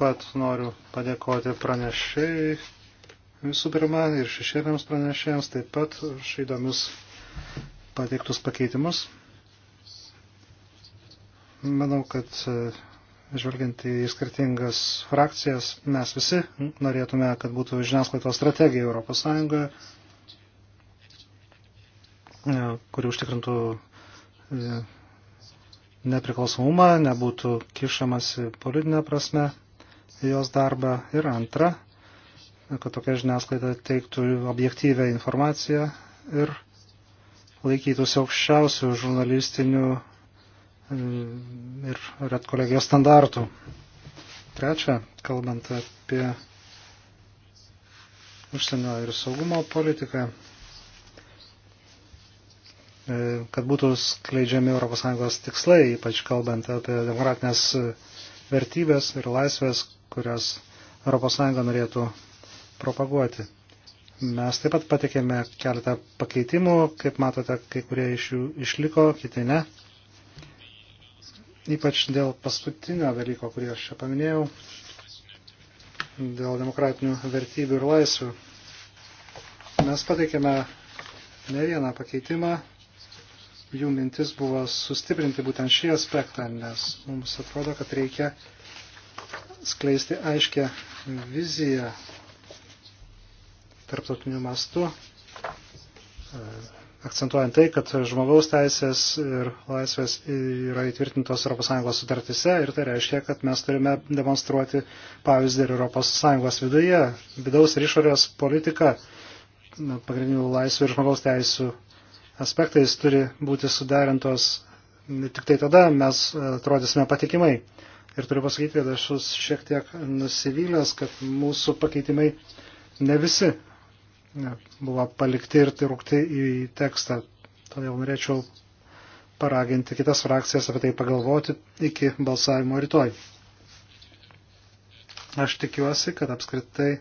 pat noriu padėkoti pranešėjai visų pirma ir šešėliams pranešėjams taip pat už įdomius pateiktus pakeitimus. Manau, kad e, žvelgiant į skirtingas frakcijas, mes visi norėtume, kad būtų žiniasklaidos strategija Europos Sąjungoje, e, kuri užtikrintų e, nepriklausomumą, nebūtų kišamasi politinė prasme jos darbą. Ir antra, kad tokia žiniasklaida teiktų objektyvę informaciją ir laikytųsi aukščiausių žurnalistinių mm, ir red kolegijos standartų. Trečia, kalbant apie užsienio ir saugumo politiką, e, kad būtų skleidžiami ES tikslai, ypač kalbant apie demokratinės vertybės ir laisvės, kurias ES norėtų propaguoti. Mes taip pat patikėme keletą pakeitimų, kaip matote, kai kurie iš jų išliko, kiti ne. Ypač dėl paskutinio dalyko, kurį aš čia paminėjau, dėl demokratinių vertybių ir laisvių. Mes pateikėme ne vieną pakeitimą, jų mintis buvo sustiprinti būtent šį aspektą, nes mums atrodo, kad reikia skleisti aiškę viziją tarptautiniu mastu, e, akcentuojant tai, kad žmogaus teisės ir laisvės yra įtvirtintos ES sutartise ir tai reiškia, kad mes turime demonstruoti pavyzdį ir ES viduje, vidaus ir išorės politika pagrindinių laisvių ir žmogaus teisų aspektais turi būti suderintos, tik tai tada mes e, atrodysime patikimai. Ir turiu pasakyti, kad aš esu šiek tiek nusivylęs, kad mūsų pakeitimai ne visi buvo palikti ir trukti į tekstą. Todėl norėčiau paraginti kitas frakcijas apie tai pagalvoti iki balsavimo rytoj. Aš tikiuosi, kad apskritai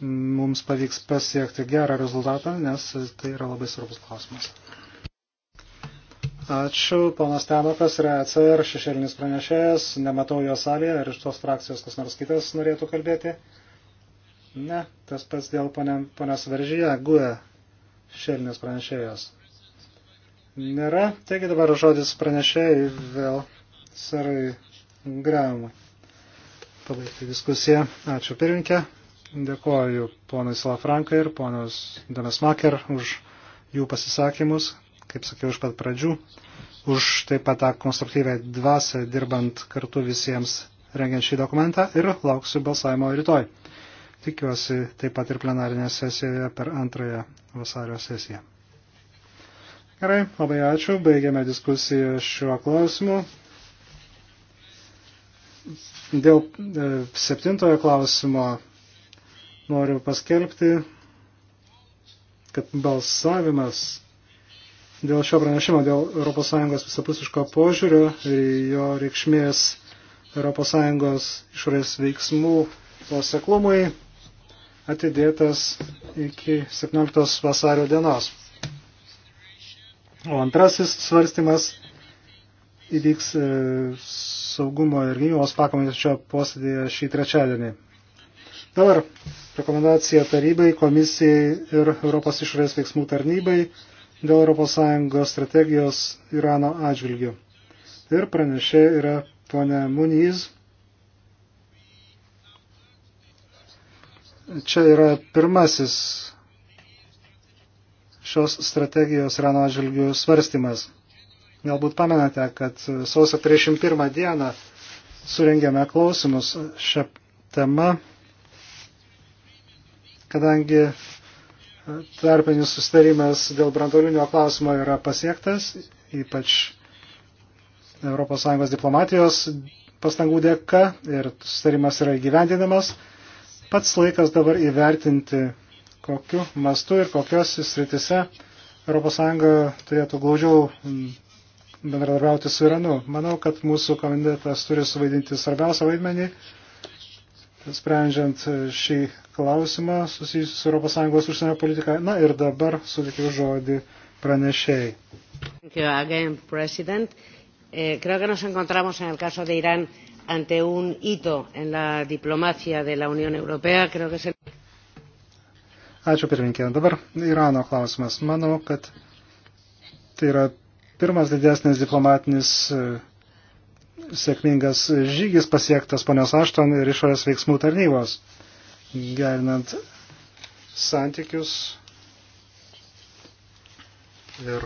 mums pavyks pasiekti gerą rezultatą, nes tai yra labai svarbus klausimas. Ačiū, ponas Tenokas, RCR, šešėlinis pranešėjas, nematau jo salėje, ar iš tos frakcijos kas nors kitas norėtų kalbėti. Ne, tas pats dėl ponios Veržyje, GUE, šešėlinis pranešėjas. Nėra, taigi dabar žodis pranešėjai vėl Sarai Grahamui. Pabaigti diskusiją. Ačiū pirminkė, dėkoju ponui Salafrankai ir ponios Demesmaker už jų pasisakymus, kaip sakiau iš pat pradžių, už taip pat tą konstruktyvę dvasę dirbant kartu visiems rengiant šį dokumentą ir lauksiu balsavimo rytoj. Tikiuosi taip pat ir plenarinė sesijoje per antrąją vasario sesiją. Gerai, labai ačiū. Baigiame diskusiją šiuo klausimu. Dėl e, septintojo klausimo noriu paskelbti, kad balsavimas dėl šio pranešimo, dėl ES visapusiško požiūrio ir jo reikšmės ES išorės veiksmų nuoseklumui atidėtas iki 17 vasario dienos. O antrasis svarstymas įvyks e, saugumo ir gynybos pakomitečio posėdėje šį trečiadienį. Dabar rekomendacija tarybai, komisijai ir Europos išorės veiksmų tarnybai dėl ES strategijos Irano atžvilgių. Ir pranešė yra ponė Muniz. Čia yra pirmasis šios strategijos Irano atžvilgių svarstymas. Galbūt pamenate, kad sausio 31 dieną surengėme klausimus šią temą, kadangi tarpinis sustarimas dėl brandolinio klausimo yra pasiektas, ypač ES diplomatijos pastangų dėka ir sustarimas yra įgyvendinamas. Pats laikas dabar įvertinti, kokiu mastu ir kokios sritise ES turėtų glaudžiau bendradarbiauti su Iranu. Manau, kad mūsų komitetas turi suvaidinti svarbiausią vaidmenį sprendžiant šį klausimą susijusiu su ES užsienio politika. Na ir dabar sutikiu žodį pranešėjai. Eh, creo que nos encontramos en el caso de Irán ante un hito en la diplomacia de la Unión Europea. Creo que es el... Ačiū pirminkė. Dabar Irano klausimas. Manau, kad tai yra pirmas didesnis diplomatinis uh, sėkmingas žygis pasiektas ponios Ašton ir išorės veiksmų tarnybos, gerinant santykius ir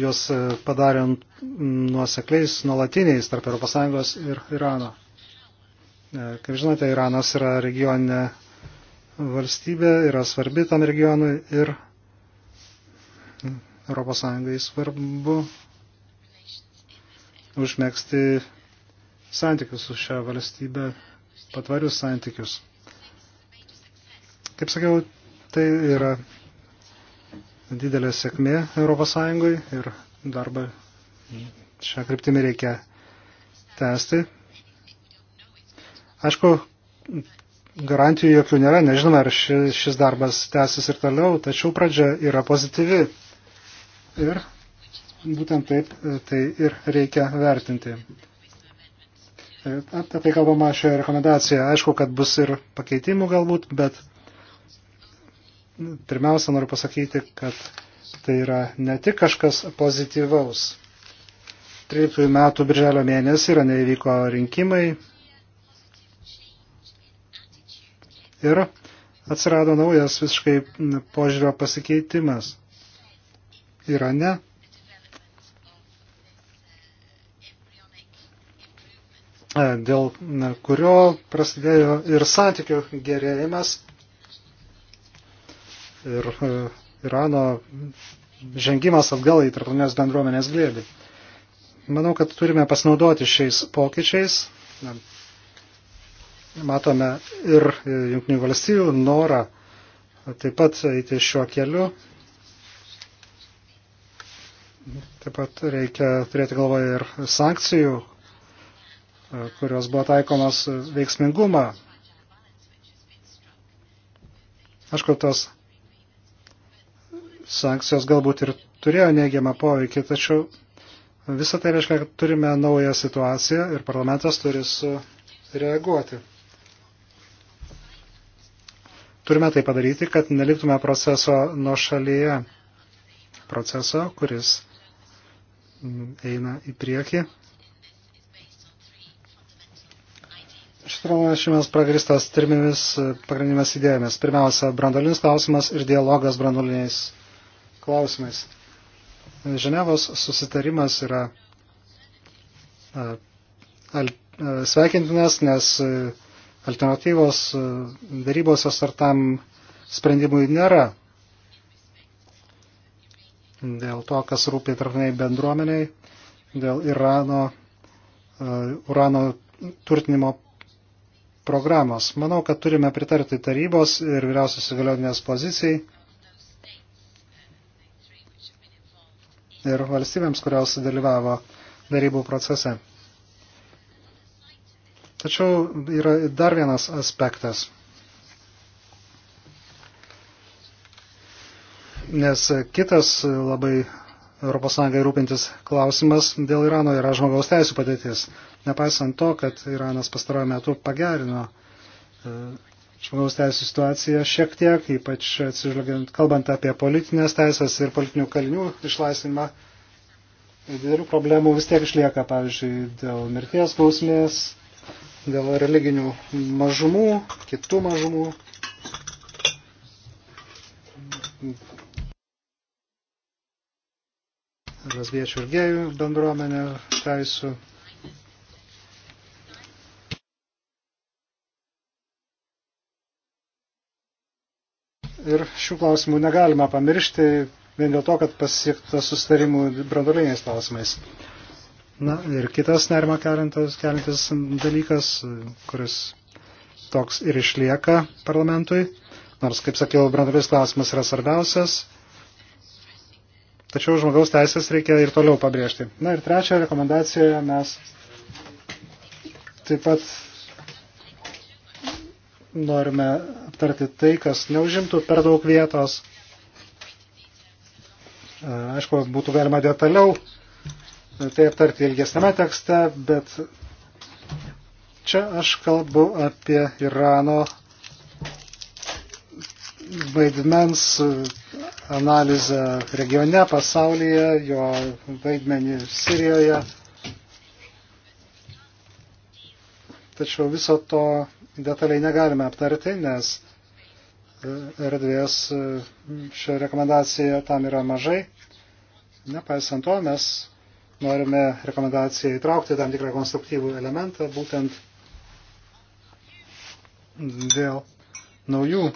juos e, padarant nuosekliais, nuolatiniais tarp ES ir Irano. E, kaip žinote, Iranas yra regioninė valstybė, yra svarbi tam regionui ir ES svarbu užmėgsti santykius su šią valstybę, patvarius santykius. Kaip sakiau, tai yra didelė sėkmė ES ir darbą šią kryptimį reikia tęsti. Aišku, garantijų jokių nėra, nežinome, ar šis, šis darbas tęsis ir toliau, tačiau pradžia yra pozityvi. Ir būtent taip e, tai ir reikia vertinti. E, apie tai kalbama šioje rekomendacijoje. Aišku, kad bus ir pakeitimų galbūt, bet pirmiausia noriu pasakyti, kad tai yra ne tik kažkas pozityvaus. 13 metų birželio mėnesį yra neįvyko rinkimai ir atsirado naujas visiškai požiūrio pasikeitimas. Irane E, dėl kurio prasidėjo ir santykių gerėjimas ir e, Irano žengimas atgal į tarptautinės bendruomenės glėbį. Manau, kad turime pasinaudoti šiais pokyčiais. Matome ir e, Junktinių valstybių norą taip pat eiti šiuo keliu. Taip pat reikia turėti galvoje ir sankcijų kurios buvo taikomas veiksmingumą. Aišku, tos sankcijos galbūt ir turėjo neigiamą poveikį, tačiau visą tai reiškia, kad turime naują situaciją ir parlamentas turi sureaguoti. Turime tai padaryti, kad neliktume proceso nuo šalyje. Proceso, kuris eina į priekį pranešimas pragristas trimis pagrindinėmis idėjomis. Pirmiausia, brandolinis klausimas ir dialogas brandoliniais klausimais. Ženevos susitarimas yra sveikintinas, nes alternatyvos darybose startam sprendimui nėra. Dėl to, kas rūpia tarptautiniai bendruomeniai, dėl Irano, urano turtinimo programos. Manau, kad turime pritarti tarybos ir vyriausios įgaliotinės pozicijai ir valstybėms, kurios dalyvavo darybų procese. Tačiau yra dar vienas aspektas. Nes kitas labai ES rūpintis klausimas dėl Irano yra žmogaus teisų padėtis nepaisant to, kad Iranas pastaruoju metu pagerino e, žmogaus teisų situaciją šiek tiek, ypač atsižvelgiant, kalbant apie politinės teisės ir politinių kalinių išlaisvinimą, didelių problemų vis tiek išlieka, pavyzdžiui, dėl mirties bausmės, dėl religinių mažumų, kitų mažumų. Lesbiečių ir gėjų bendruomenė teisų ir šių klausimų negalima pamiršti vien dėl to, kad pasiektas sustarimų brandoliniais klausimais. Na ir kitas nerima kelintas, kelintas dalykas, kuris toks ir išlieka parlamentui, nors, kaip sakiau, brandolinis klausimas yra svarbiausias, tačiau žmogaus teisės reikia ir toliau pabrėžti. Na ir trečią rekomendaciją mes taip pat norime aptarti tai, kas neužimtų per daug vietos. E, aišku, būtų galima detaliau tai aptarti ilgesnėme tekste, bet čia aš kalbu apie Irano vaidmens analizę regione, pasaulyje, jo vaidmenį Sirijoje. Tačiau viso to detaliai negalime aptarti, nes e, erdvės e, šią rekomendaciją tam yra mažai. Nepaisant to, mes norime rekomendaciją įtraukti tam tikrą konstruktyvų elementą, būtent dėl naujų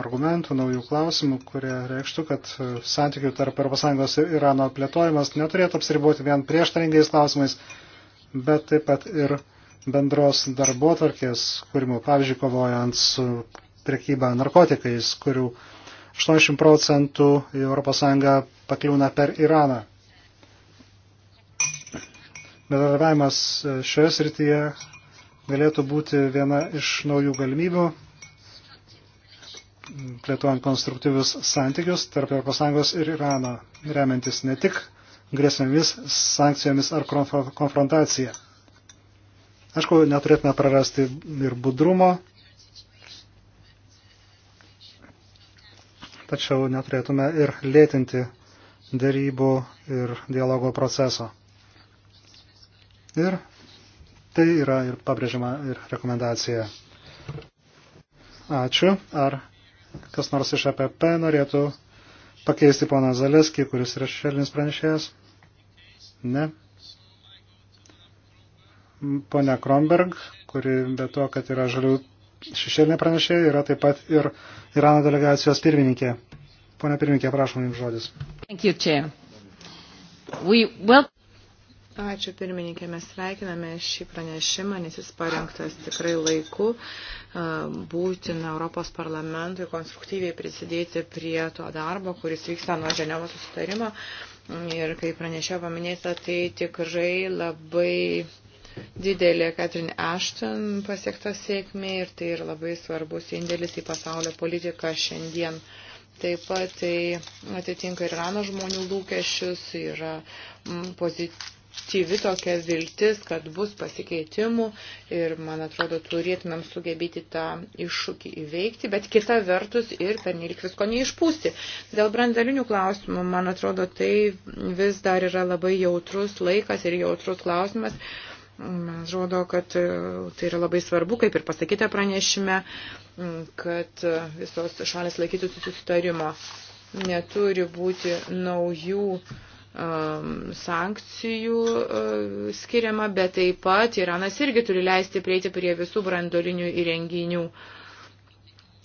argumentų, naujų klausimų, kurie reikštų, kad e, santykių tarp ES ir Irano plėtojimas neturėtų apsiriboti vien prieštaringais klausimais, bet taip pat ir bendros darbo tvarkės kūrimo, pavyzdžiui, kovojant su prekyba narkotikais, kurių 80 procentų į ES pakliūna per Iraną. Bendradarbiavimas e, šioje srityje galėtų būti viena iš naujų galimybių, plėtuojant konstruktyvius santykius tarp ES ir Irano, remiantis ne tik grėsmėmis, sankcijomis ar konfrontacija. Aišku, neturėtume prarasti ir budrumo, tačiau neturėtume ir lėtinti darybų ir dialogo proceso. Ir tai yra ir pabrėžima ir rekomendacija. Ačiū. Ar kas nors iš APP e norėtų pakeisti poną Zaleski, kuris yra šešėlinis pranešėjas? Ne ponia Kronberg, kuri be to, kad yra žalių šešėlinė pranešė, yra taip pat ir Irano delegacijos pirmininkė. Pone pirmininkė, prašom jums žodis. Thank you, Chair. We will... Ačiū pirmininkė, mes sveikiname šį pranešimą, nes jis parengtas tikrai laiku būtina Europos parlamentui konstruktyviai prisidėti prie to darbo, kuris vyksta nuo Ženevo susitarimo. Ir kaip pranešė paminėta, tai tikrai labai didelė Katrin Ashton pasiekta sėkmė ir tai yra labai svarbus indėlis į pasaulio politiką šiandien. Taip pat tai atitinka ir Irano žmonių lūkesčius, yra mm, pozityvi tokia viltis, kad bus pasikeitimų ir, man atrodo, turėtumėm sugebėti tą iššūkį įveikti, bet kita vertus ir pernelik visko neišpūsti. Dėl brandalinių klausimų, man atrodo, tai vis dar yra labai jautrus laikas ir jautrus klausimas Man atrodo, kad e, tai yra labai svarbu, kaip ir pasakyta pranešime, kad e, visos šalis laikytųsi susitarimo. Neturi būti naujų e, sankcijų skiriama, bet taip pat Iranas irgi turi leisti prieiti prie visų brandolinių įrenginių. Uh,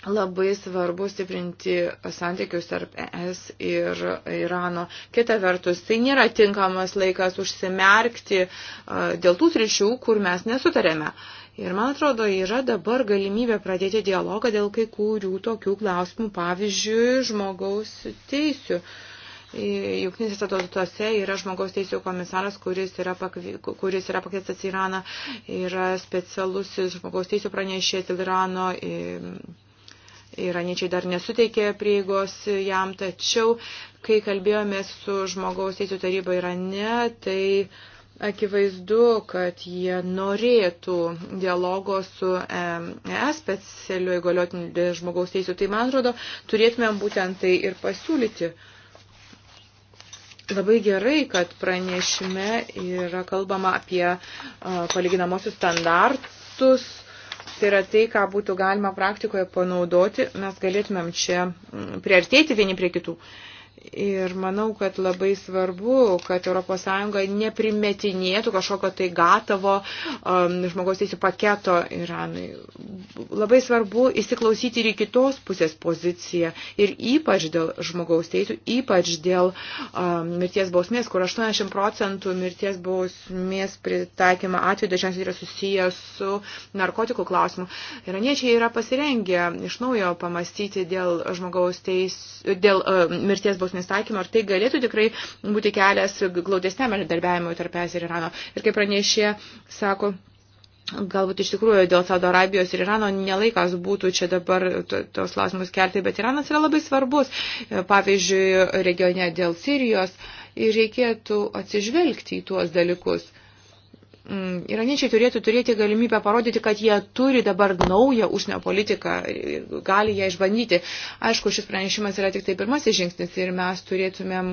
labai svarbu stiprinti santykius tarp ES ir Irano. Kita vertus, tai nėra tinkamas laikas užsimerkti dėl tų trišių, kur mes nesutarėme. Ir man atrodo, yra dabar galimybė pradėti dialogą dėl kai kurių tokių klausimų, pavyzdžiui, žmogaus teisių. Jungtinėse tautose yra žmogaus teisų komisaras, kuris yra, pakvi, kuris yra pakviestas į Iraną, yra specialusis žmogaus teisų pranešėjas dėl Irano. Ir Iraniečiai dar nesuteikė prieigos jam, tačiau kai kalbėjome su žmogaus teisų taryba Irane, tai akivaizdu, kad jie norėtų dialogo su ES specialiu įgaliotiniu dėl žmogaus teisų. Tai man atrodo, turėtumėm būtent tai ir pasiūlyti. Labai gerai, kad pranešime yra kalbama apie palyginamosius standartus Tai yra tai, ką būtų galima praktikoje panaudoti, mes galėtumėm čia mm, priartėti vieni prie kitų. Uh, Ir manau, kad labai svarbu, kad ES neprimetinėtų kažkokio tai gatavo um, žmogaus teisų paketo Iranui. Labai svarbu įsiklausyti ir į kitos pusės poziciją. Ir ypač dėl žmogaus teisų, ypač dėl um, mirties bausmės, kur 80 procentų mirties bausmės pritaikymą atveju dažniausiai yra susijęs su narkotikų klausimu. Iraniečiai yra pasirengę iš naujo pamastyti dėl žmogaus teisų, dėl uh, mirties bausmės teisinės taikymo, ar tai galėtų tikrai būti kelias glaudesniam bendradarbiavimui tarp ES ir Irano. Ir kaip pranešė, sako, galbūt iš tikrųjų dėl Saudo Arabijos ir Irano nelaikas būtų čia dabar tos klausimus kelti, bet Iranas yra labai svarbus, pavyzdžiui, regione dėl Sirijos ir reikėtų atsižvelgti į tuos dalykus. Mm, iraniečiai turėtų turėti galimybę parodyti, kad jie turi dabar naują užsienio politiką, gali ją išbandyti. Aišku, šis pranešimas yra tik tai pirmasis žingsnis ir mes turėtumėm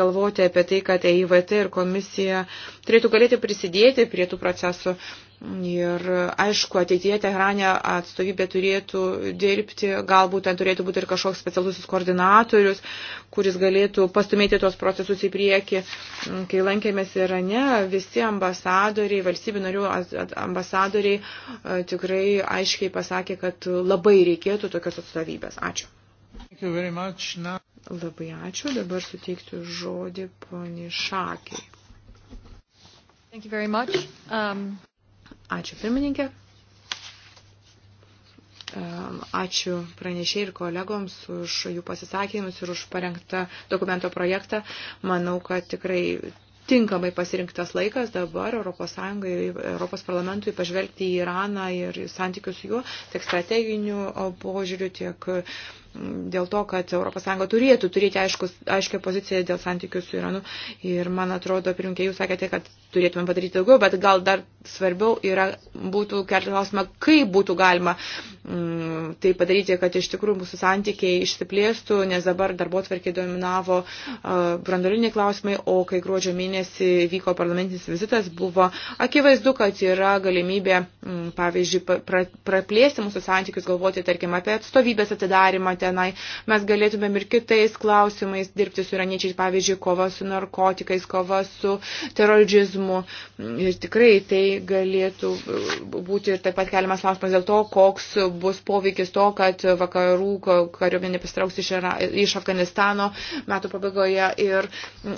galvoti apie tai, kad EIVT ir komisija turėtų galėti prisidėti prie tų procesų. Ir aišku, ateityje Teherane atstovybė turėtų dirbti, galbūt ten turėtų būti ir kažkoks specialusis koordinatorius, kuris galėtų pastumėti tuos procesus į priekį. Kai lankėmės Irane, visi ambasadoriai, valstybių narių ambasadoriai e, tikrai aiškiai pasakė, kad labai reikėtų tokios atstovybės. Ačiū. Labai ačiū. Dabar suteiksiu žodį poniai Šakiai. Thank you very much. Um... Ačiū pirmininkė. Ačiū pranešiai ir kolegoms už jų pasisakymus ir už parengtą dokumento projektą. Manau, kad tikrai tinkamai pasirinktas laikas dabar ES ir Europos parlamentui pažvelgti į Iraną ir santykius su juo tiek strateginiu požiūriu, tiek dėl to, kad ES turėtų turėti aiškus, aiškę poziciją dėl santykių su Iranu. Ir man atrodo, pirminkė, jūs sakėte, kad turėtume padaryti daugiau, bet gal dar svarbiau yra būtų kelti klausimą, kaip būtų galima mm, tai padaryti, kad iš tikrųjų mūsų santykiai išsiplėstų, nes dabar darbo tvarkiai dominavo uh, brandoliniai klausimai, o kai gruodžio mėnesį vyko parlamentinis vizitas, buvo akivaizdu, kad yra galimybė, mm, pavyzdžiui, pra, praplėsti mūsų santykius, galvoti, tarkim, apie atstovybės atidarimą, tenai. Mes galėtumėm ir kitais klausimais dirbti su iraniečiais, pavyzdžiui, kova su narkotikais, kova su terorizmu. Ir tikrai tai galėtų būti ir taip pat keliamas klausimas dėl to, koks bus poveikis to, kad vakarų kariuomenė pastrauks iš, iš Afganistano metų pabaigoje. Ir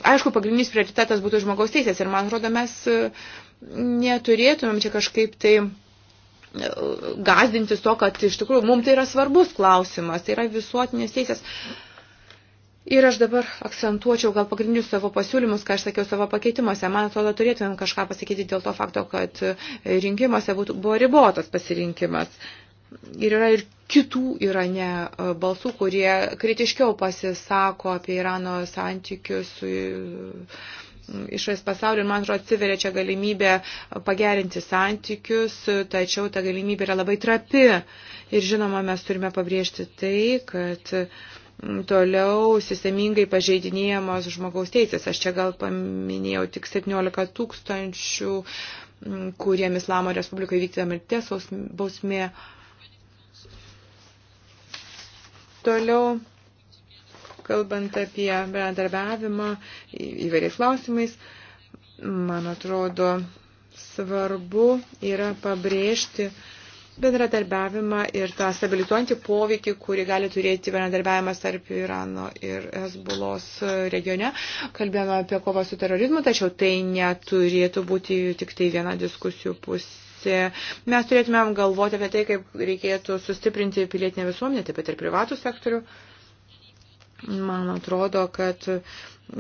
aišku, pagrindinis prioritetas būtų žmogaus teisės. Ir man atrodo, mes neturėtumėm čia kažkaip tai gazdintis to, kad iš tikrųjų mums tai yra svarbus klausimas, tai yra visuotinės teisės. Ir aš dabar akcentuočiau gal pagrindinius savo pasiūlymus, ką aš sakiau savo pakeitimuose. Man atrodo, turėtumėm kažką pasakyti dėl to fakto, kad rinkimuose būtų, buvo ribotas pasirinkimas. Ir yra ir kitų Irane e, balsų, kurie kritiškiau pasisako apie Irano santykius su išorės pasaulio ir man atrodo atsiveria čia galimybė pagerinti santykius, tačiau ta galimybė yra labai trapi. Ir žinoma, mes turime pabrėžti tai, kad mm, toliau sistemingai pažeidinėjamos žmogaus teisės. Aš čia gal paminėjau tik 17 tūkstančių, mm, kuriem Islamo Respublikoje vykdyta mirties bausmė. Toliau kalbant apie bendradarbiavimą įvairiais klausimais, man atrodo, svarbu yra pabrėžti bendradarbiavimą ir tą stabilizuojantį poveikį, kurį gali turėti bendradarbiavimas tarp Irano ir Hezbolos regione. Kalbėjome apie kovą su terorizmu, tačiau tai neturėtų būti tik tai viena diskusijų pusė visi mes turėtumėm galvoti apie tai, kaip reikėtų sustiprinti pilietinę visuomenę, taip pat ir privatų sektorių. Uh, Man atrodo, kad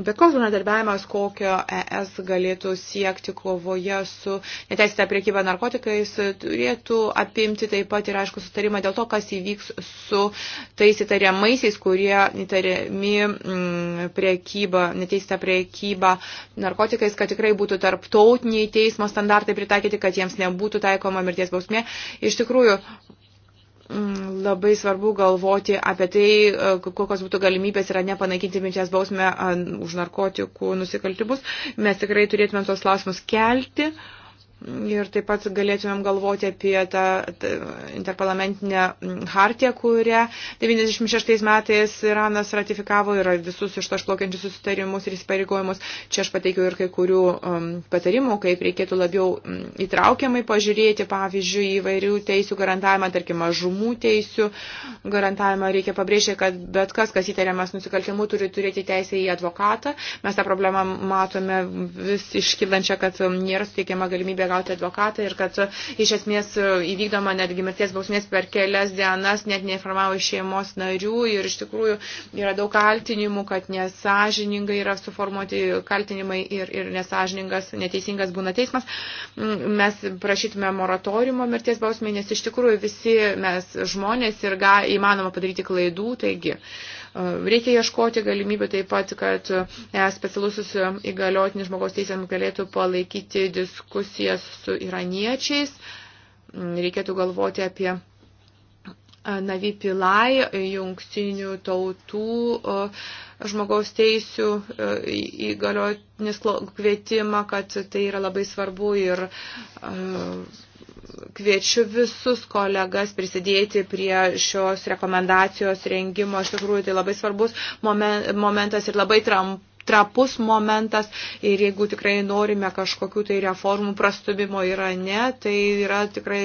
bet koks bendradarbiavimas, kokio ES galėtų siekti kovoje su neteisėta priekyba narkotikais, turėtų apimti taip pat ir aišku sutarimą dėl to, kas įvyks su tais įtariamaisiais, kurie įtariami mm, priekyba, neteisėta priekyba narkotikais, kad tikrai būtų tarptautiniai teismo standartai pritaikyti, kad jiems nebūtų taikoma mirties bausmė. Iš tikrųjų, Mm, labai svarbu galvoti apie tai, e, kokios būtų galimybės yra nepanaikinti minties bausmę už narkotikų nusikaltimus. Mes tikrai turėtume tos klausimus kelti. Uh, Ir taip pat galėtumėm galvoti apie tą, tą interparlamentinę hartiją, kurią 96 metais Iranas ratifikavo ir visus iš to išplaukiančius susitarimus ir įsipareigojimus. Čia aš pateikiau ir kai kurių um, patarimų, kaip reikėtų labiau um, įtraukiamai pažiūrėti, pavyzdžiui, įvairių teisių garantavimą, tarkim, mažumų teisių garantavimą. Reikia pabrėžti, kad bet kas, kas įtariamas nusikaltimu, turi turėti teisę į advokatą. Mes tą problemą matome vis iškylančią, kad um, nėra suteikiama galimybė galimybę gauti advokatą ir kad iš esmės įvykdoma netgi mirties bausmės per kelias dienas, net neinformavo šeimos narių ir iš tikrųjų yra daug kaltinimų, kad nesažiningai yra suformuoti kaltinimai ir, ir nesažiningas, neteisingas būna teismas. Mes prašytume moratoriumo mirties bausmė, nes iš tikrųjų visi mes žmonės ir ga, įmanoma padaryti klaidų. Taigi, uh, Reikia ieškoti galimybę taip pat, kad e specialusis įgaliotinis žmogaus teisėms galėtų palaikyti diskusijas su iraniečiais. Reikėtų galvoti apie e, Navi Pilai, jungtinių tautų e, žmogaus teisių įgaliotinis kvietimą, kad tai yra labai svarbu ir kviečiu visus kolegas prisidėti prie šios rekomendacijos rengimo. Iš tikrųjų, tai labai svarbus momentas ir labai trampas trapus momentas ir jeigu tikrai norime kažkokių tai reformų prastubimo yra ne, tai yra tikrai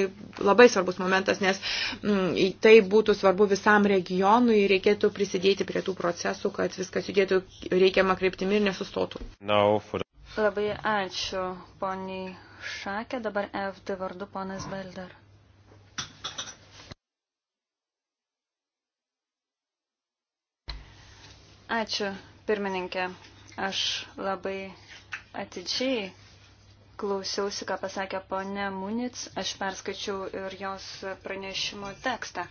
labai svarbus momentas, nes mm, tai būtų svarbu visam regionui ir reikėtų prisidėti prie tų procesų, kad viskas judėtų reikiamą kryptimį ir nesustotų. No, for... Labai ačiū, poniai Šakė, dabar FD vardu ponas Belder. Ačiū, pirmininkė. Aš labai atidžiai klausiausi, ką pasakė ponė Munic, aš perskaičiau ir jos pranešimo tekstą.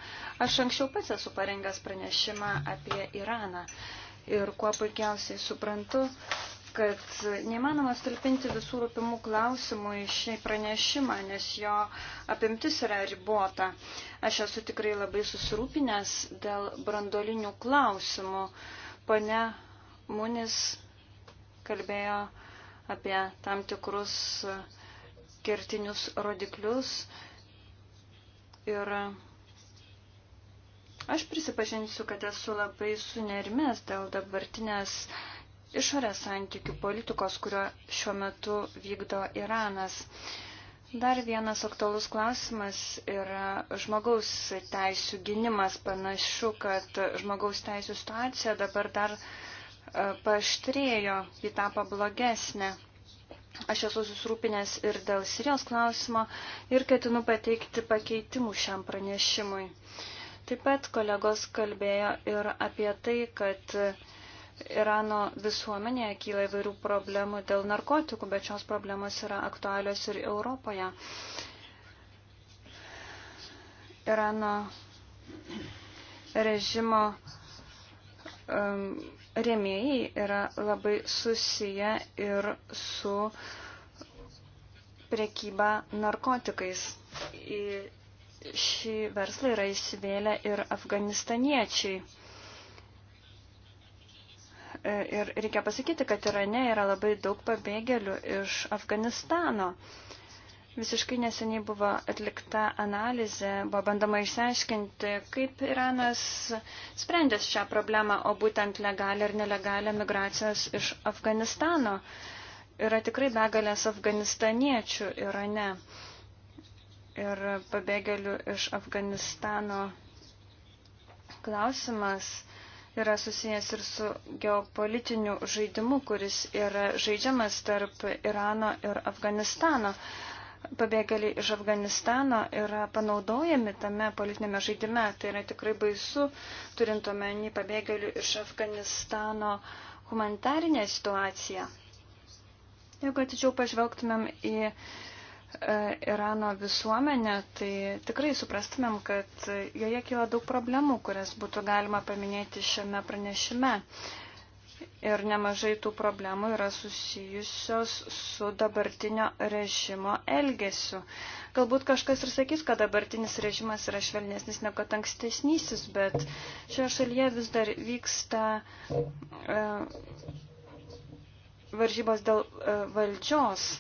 Aš anksčiau pats esu parengęs pranešimą apie Iraną ir kuo puikiausiai suprantu, kad neįmanoma stulpinti visų rūpimų klausimų į šį pranešimą, nes jo apimtis yra ribota. Aš esu tikrai labai susirūpinęs dėl brandolinių klausimų. Pane Munis kalbėjo apie tam tikrus kertinius rodiklius ir aš prisipažinsiu, kad esu labai sunermės dėl dabartinės uh, išorės santykių politikos, kurio šiuo metu vykdo Iranas. Dar vienas aktualus klausimas yra žmogaus teisų gynimas. Panašu, kad žmogaus teisų situacija dabar dar e, paštrėjo, ji tapo blogesnė. Aš esu susirūpinęs ir dėl Sirijos klausimo ir ketinu pateikti pakeitimų šiam pranešimui. Taip pat kolegos kalbėjo ir apie tai, kad Irano visuomenėje kyla įvairių problemų dėl narkotikų, bet šios problemos yra aktualios ir Europoje. Irano režimo um, rėmėjai yra labai susiję ir su prekyba narkotikais. Į šį verslą yra įsivėlę ir afganistaniečiai. E, ir reikia pasakyti, kad Irane yra labai daug pabėgėlių iš Afganistano. Visiškai neseniai buvo atlikta analizė, buvo bandama išsiaiškinti, kaip Iranas sprendės šią problemą, o būtent legalią ir nelegalią migracijos iš Afganistano. Yra tikrai begalės afganistaniečių Irane ir pabėgėlių iš Afganistano klausimas yra susijęs ir su geopolitiniu žaidimu, kuris yra žaidžiamas tarp Irano ir Afganistano. Pabėgėliai iš Afganistano yra panaudojami tame politinėme žaidime. Tai yra tikrai baisu, turint omeny pabėgėlių iš Afganistano humanitarinę situaciją. Jeigu atidžiau pažvelgtumėm į E, Irano visuomenę, tai tikrai suprastumėm, kad joje kyla daug problemų, kurias būtų galima paminėti šiame pranešime. Ir nemažai tų problemų yra susijusios su dabartinio režimo elgesiu. Galbūt kažkas ir sakys, kad dabartinis režimas yra švelnesnis negu ankstesnysis, bet šioje šalyje vis dar vyksta e, varžybos dėl e, valdžios.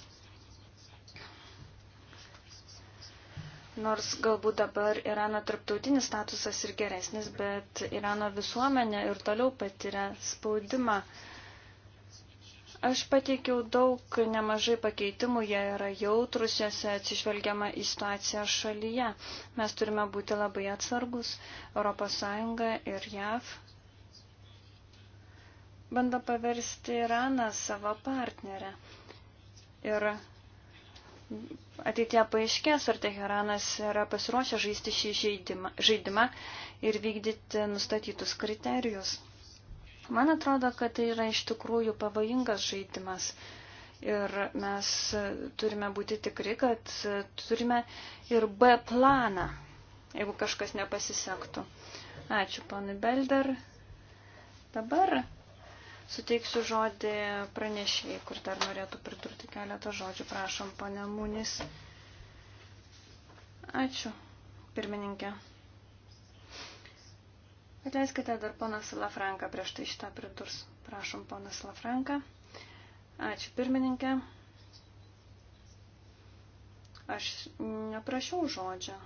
Nors galbūt dabar Irano tarptautinis statusas ir geresnis, bet Irano visuomenė ir toliau patiria spaudimą. Aš pateikiau daug nemažai pakeitimų, jie yra jautrus, jose atsižvelgiama į situaciją šalyje. Mes turime būti labai atsargus, ES ir JAV bando paversti Iraną savo partnerę. Ir ateitie paaiškės, ar Teheranas yra pasiruošę žaisti šį žaidimą, žaidimą ir vykdyti nustatytus kriterijus. Man atrodo, kad tai yra iš tikrųjų pavojingas žaidimas. Ir mes turime būti tikri, kad turime ir B planą, jeigu kažkas nepasisektų. Ačiū, ponui Belder. Dabar Suteiksiu žodį pranešėjai, kur dar norėtų pridurti keletą žodžių. Prašom, pane Munis. Ačiū, pirmininkė. Atleiskite dar ponas Lafranka prieš tai šitą pridurs. Prašom, ponas Lafranka. Ačiū, pirmininkė. Aš neprašiau žodžio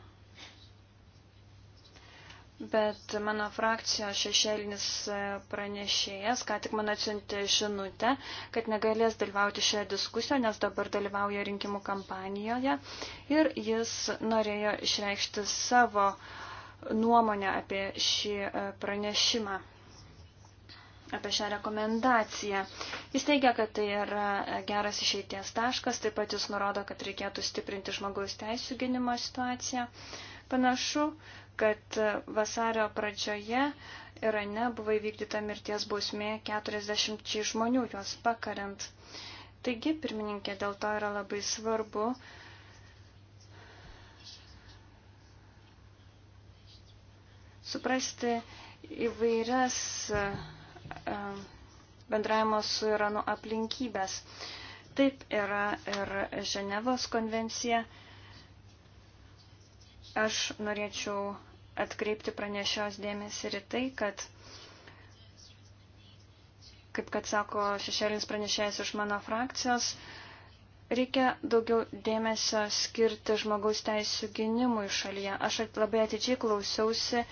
bet mano frakcijos šešėlinis e, pranešėjas ką tik man atsiuntė žinutę, kad negalės dalyvauti šioje diskusijoje, nes dabar dalyvauja rinkimų kampanijoje ir jis norėjo išreikšti savo nuomonę apie šį e, pranešimą apie šią rekomendaciją. Jis teigia, kad tai yra e, geras išeities taškas, taip pat jis nurodo, kad reikėtų stiprinti žmogaus teisų gynimo situaciją. Panašu, kad vasario pradžioje Irane buvo įvykdyta mirties bausmė 40 žmonių juos pakarant. Taigi, pirmininkė, dėl to yra labai svarbu, suprasti įvairias e, bendravimo su Iranu aplinkybės. Taip yra ir Ženevos konvencija, Aš norėčiau atkreipti pranešios dėmesį ir tai, kad, kaip kad sako šešėlinis pranešėjas iš mano frakcijos, reikia daugiau dėmesio skirti žmogaus teisų gynimui šalyje. Aš labai atidžiai klausiausi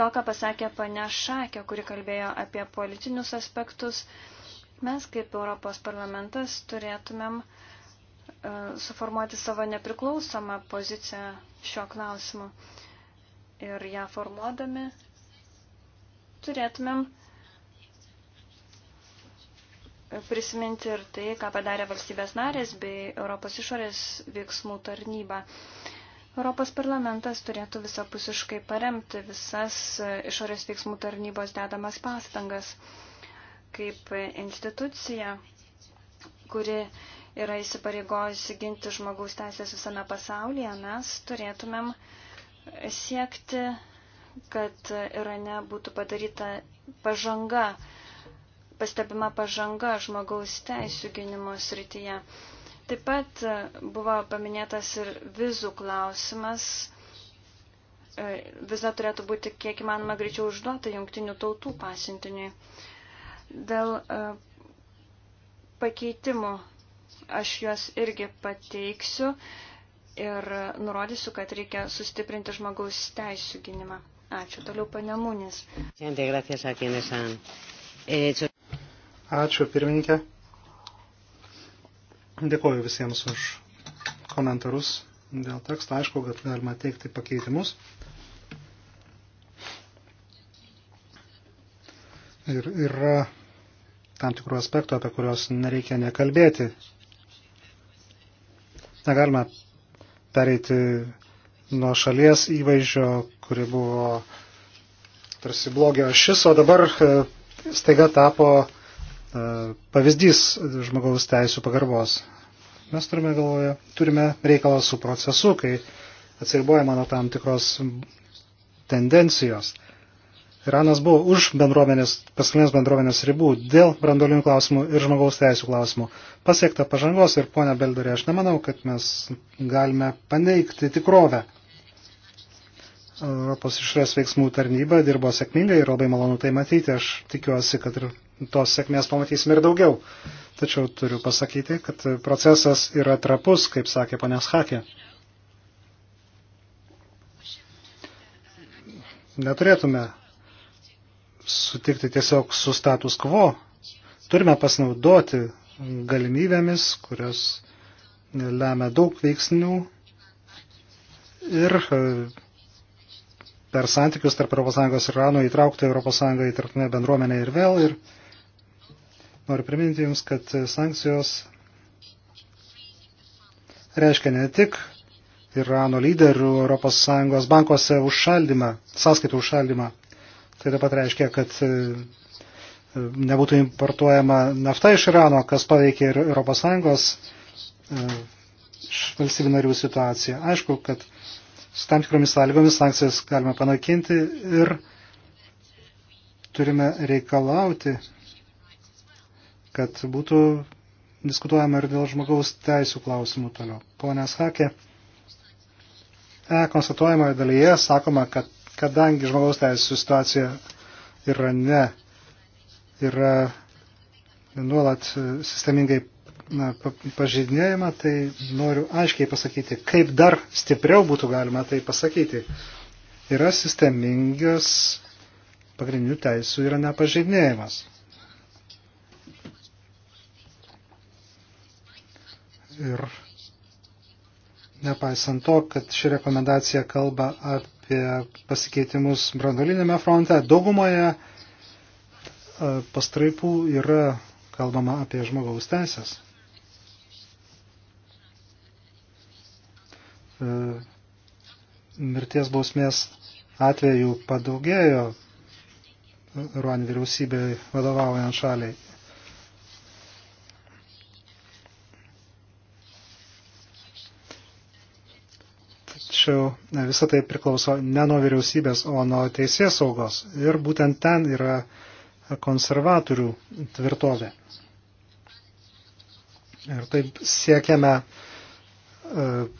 to, ką pasakė pane Šakė, kuri kalbėjo apie politinius aspektus. Mes kaip Europos parlamentas turėtumėm uh, E, suformuoti savo nepriklausomą poziciją šiuo klausimu. Ir ją formuodami turėtumėm prisiminti ir tai, ką padarė valstybės narės bei Europos išorės veiksmų tarnyba. Europos parlamentas turėtų visapusiškai paremti visas išorės veiksmų tarnybos dedamas pastangas kaip institucija, kuri yra įsipareigojusi ginti žmogaus teisės visame pasaulyje, mes turėtumėm siekti, kad Irane būtų padaryta pažanga, pastebima pažanga žmogaus teisų gynimo srityje. Taip pat buvo paminėtas ir vizų klausimas. E, viza turėtų būti kiek įmanoma greičiau užduota jungtinių tautų pasiuntiniui. Dėl e, pakeitimų Aš juos irgi pateiksiu ir nurodysiu, kad reikia sustiprinti žmogaus teisų gynimą. Ačiū. Toliau panemūnis. Eh, Ačiū, pirmininkė. Dėkoju visiems už komentarus dėl teksto. Aišku, kad galima teikti pakeitimus. Ir yra tam tikrų aspektų, apie kuriuos nereikia nekalbėti, Negalime pereiti nuo šalies įvaizdžio, kuri buvo tarsi blogio ašis, o dabar e, staiga tapo e, pavyzdys žmogaus teisų pagarbos. Mes turime galvoje, turime reikalą su procesu, kai atsiribuojama nuo tam tikros tendencijos. Iranas buvo už bendruomenės, pasaulinės bendruomenės ribų dėl brandolinių klausimų ir žmogaus teisų klausimų. Pasiekta pažangos ir ponia Belderė, aš nemanau, kad mes galime paneigti tikrovę. Europos išorės veiksmų tarnyba dirbo sėkmingai ir labai malonu tai matyti. Aš tikiuosi, kad ir tos sėkmės pamatysime ir daugiau. Tačiau turiu pasakyti, kad procesas yra trapus, kaip sakė ponės Hakė. Neturėtume sutikti tiesiog su status quo. Turime pasinaudoti galimybėmis, kurios lemia daug veiksnių ir e, per santykius tarp ES ir Irano įtraukti ES į tarptautinę bendruomenę ir vėl. Ir noriu priminti Jums, kad sankcijos reiškia ne tik Irano lyderių ES bankuose užšaldymą, sąskaitų užšaldymą, Tai taip pat reiškia, kad e, nebūtų importuojama nafta iš Irano, kas paveikia ir ES e, valstybių narių situaciją. Aišku, kad su tam tikromis sąlygomis sankcijas galima panaikinti ir turime reikalauti, kad būtų diskutuojama ir dėl žmogaus teisų klausimų toliau. Pone Sakė, e, konstatuojamoje dalyje sakoma, kad kadangi žmogaus teisų situacija Irane yra nuolat e, sistemingai na, pažydinėjama, tai noriu aiškiai pasakyti, kaip dar stipriau būtų galima tai pasakyti. Yra sistemingas pagrindinių teisų yra nepažydinėjimas. Ir nepaisant to, kad ši rekomendacija kalba apie apie pasikeitimus brandolinėme fronte. Daugumoje e, pastraipų yra kalbama apie žmogaus teisės. E, mirties bausmės atveju padaugėjo Ruan vyriausybei vadovaujant šaliai. Tačiau visą tai priklauso ne nuo vyriausybės, o nuo teisės saugos. Ir būtent ten yra konservatorių tvirtovė. Ir taip siekiame e,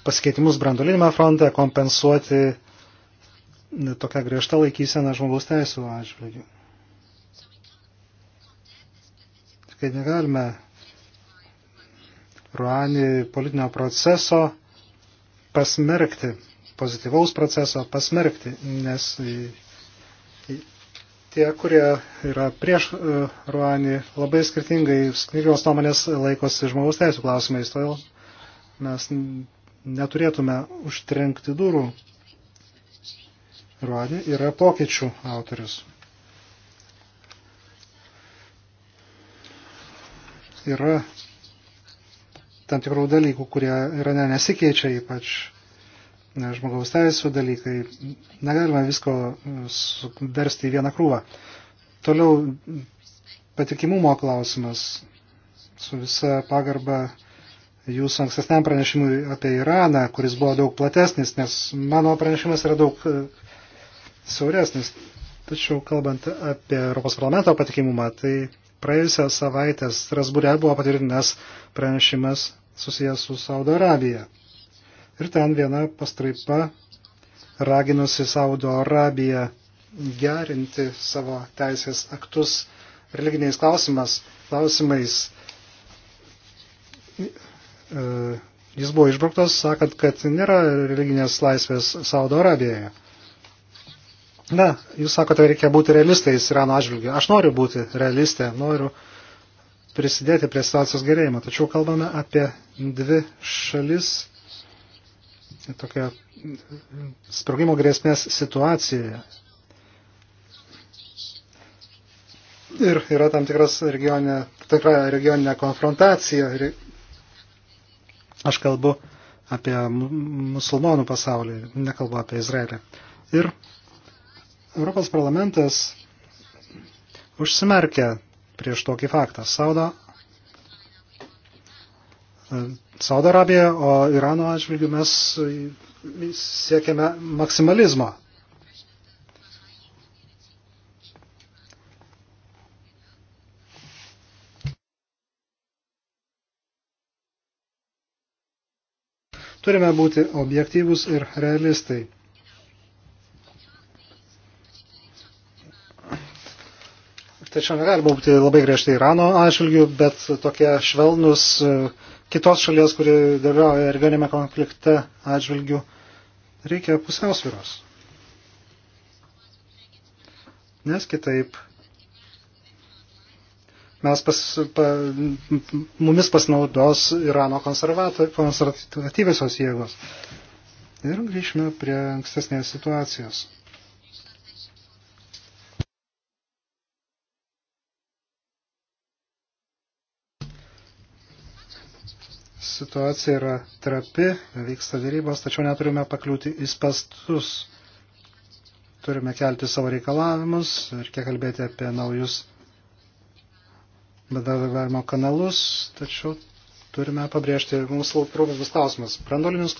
pasikeitimus brandolinėme fronte kompensuoti e, tokią griežtą laikyseną žmogaus teisų atžvilgių. Kai negalime Ruani politinio proceso pasmerkti pozityvaus proceso pasmerkti, nes tie, kurie yra prieš e, Ruanį, labai skirtingai skirtingos nuomonės laikosi žmogaus teisų klausimais, todėl mes neturėtume užtrenkti durų. Ruanį yra pokyčių autorius. Yra tam tikrų dalykų, kurie yra ne, nesikeičia, ypač žmogaus teisų dalykai. Negalima visko e, versti į vieną krūvą. Toliau patikimumo klausimas su visa pagarba jūsų ankstesniam pranešimui apie Iraną, kuris buvo daug platesnis, nes mano pranešimas yra daug e, siauresnis. Tačiau kalbant apie Europos parlamento patikimumą, tai praėjusią savaitę Strasbūrė buvo patvirtinęs pranešimas susijęs su Saudo Arabija. Ir ten viena pastraipa raginusi Saudo Arabiją gerinti savo teisės aktus religiniais klausimas, klausimais. E, jis buvo išbrauktas, sakant, kad nėra religinės laisvės Saudo Arabijoje. Na, jūs sakote, reikia būti realistais Irano atžvilgiu. Aš noriu būti realistė, noriu prisidėti prie situacijos gerėjimo. Tačiau kalbame apie dvi šalis, tokia sprogimo grėsmės situacijoje. Ir yra tam tikras regionė, tikra regioninė konfrontacija. Aš kalbu apie musulmonų pasaulį, nekalbu apie Izraelį. Ir Europos parlamentas užsimerkia prieš tokį faktą. Saudo Saudo Arabiją, o Irano atžvilgių mes e, siekiame maksimalizmo. Turime būti objektyvus ir realistai. Tačiau negalima būti labai griežtai Irano atžvilgių, bet tokie švelnus e, kitos šalies, kuri dalyvauja ir viename konflikte atžvilgių, reikia pusiausviros. Nes kitaip mes pas, pa, mumis pasinaudos Irano konservatyviosios jėgos. Ir grįžime prie ankstesnės situacijos. situacija yra trapi, vyksta dėrybos, tačiau neturime pakliūti į spastus. Turime kelti savo reikalavimus, reikia kalbėti apie naujus bendradarbiavimo kanalus, tačiau turime pabrėžti mūsų rūpimus klausimus. Brandolinius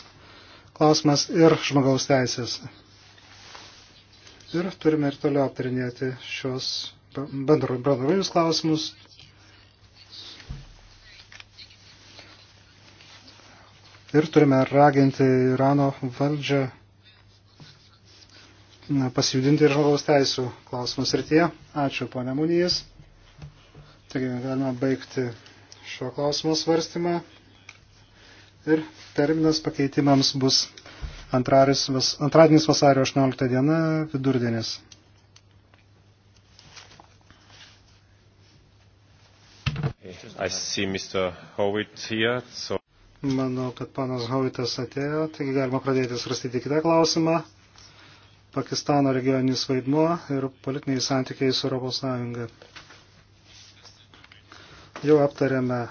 klausimas ir žmogaus teisės. Ir turime ir toliau aptarinėti šios brandolinius klausimus, ir turime raginti Irano valdžią pasijudinti ir žmogaus teisų klausimus rytyje. Ačiū, ponė Munijas. Taigi galime baigti šio klausimo svarstymą. Ir terminas pakeitimams bus antradienis vasario 18 diena vidurdienis. I see Mr. Howitt here, so Manau, kad panas Hovitas atėjo, taigi galima pradėti svarstyti kitą klausimą. Pakistano regioninis vaidmuo ir politiniai santykiai su Europos Sąjunga. Jau aptarėme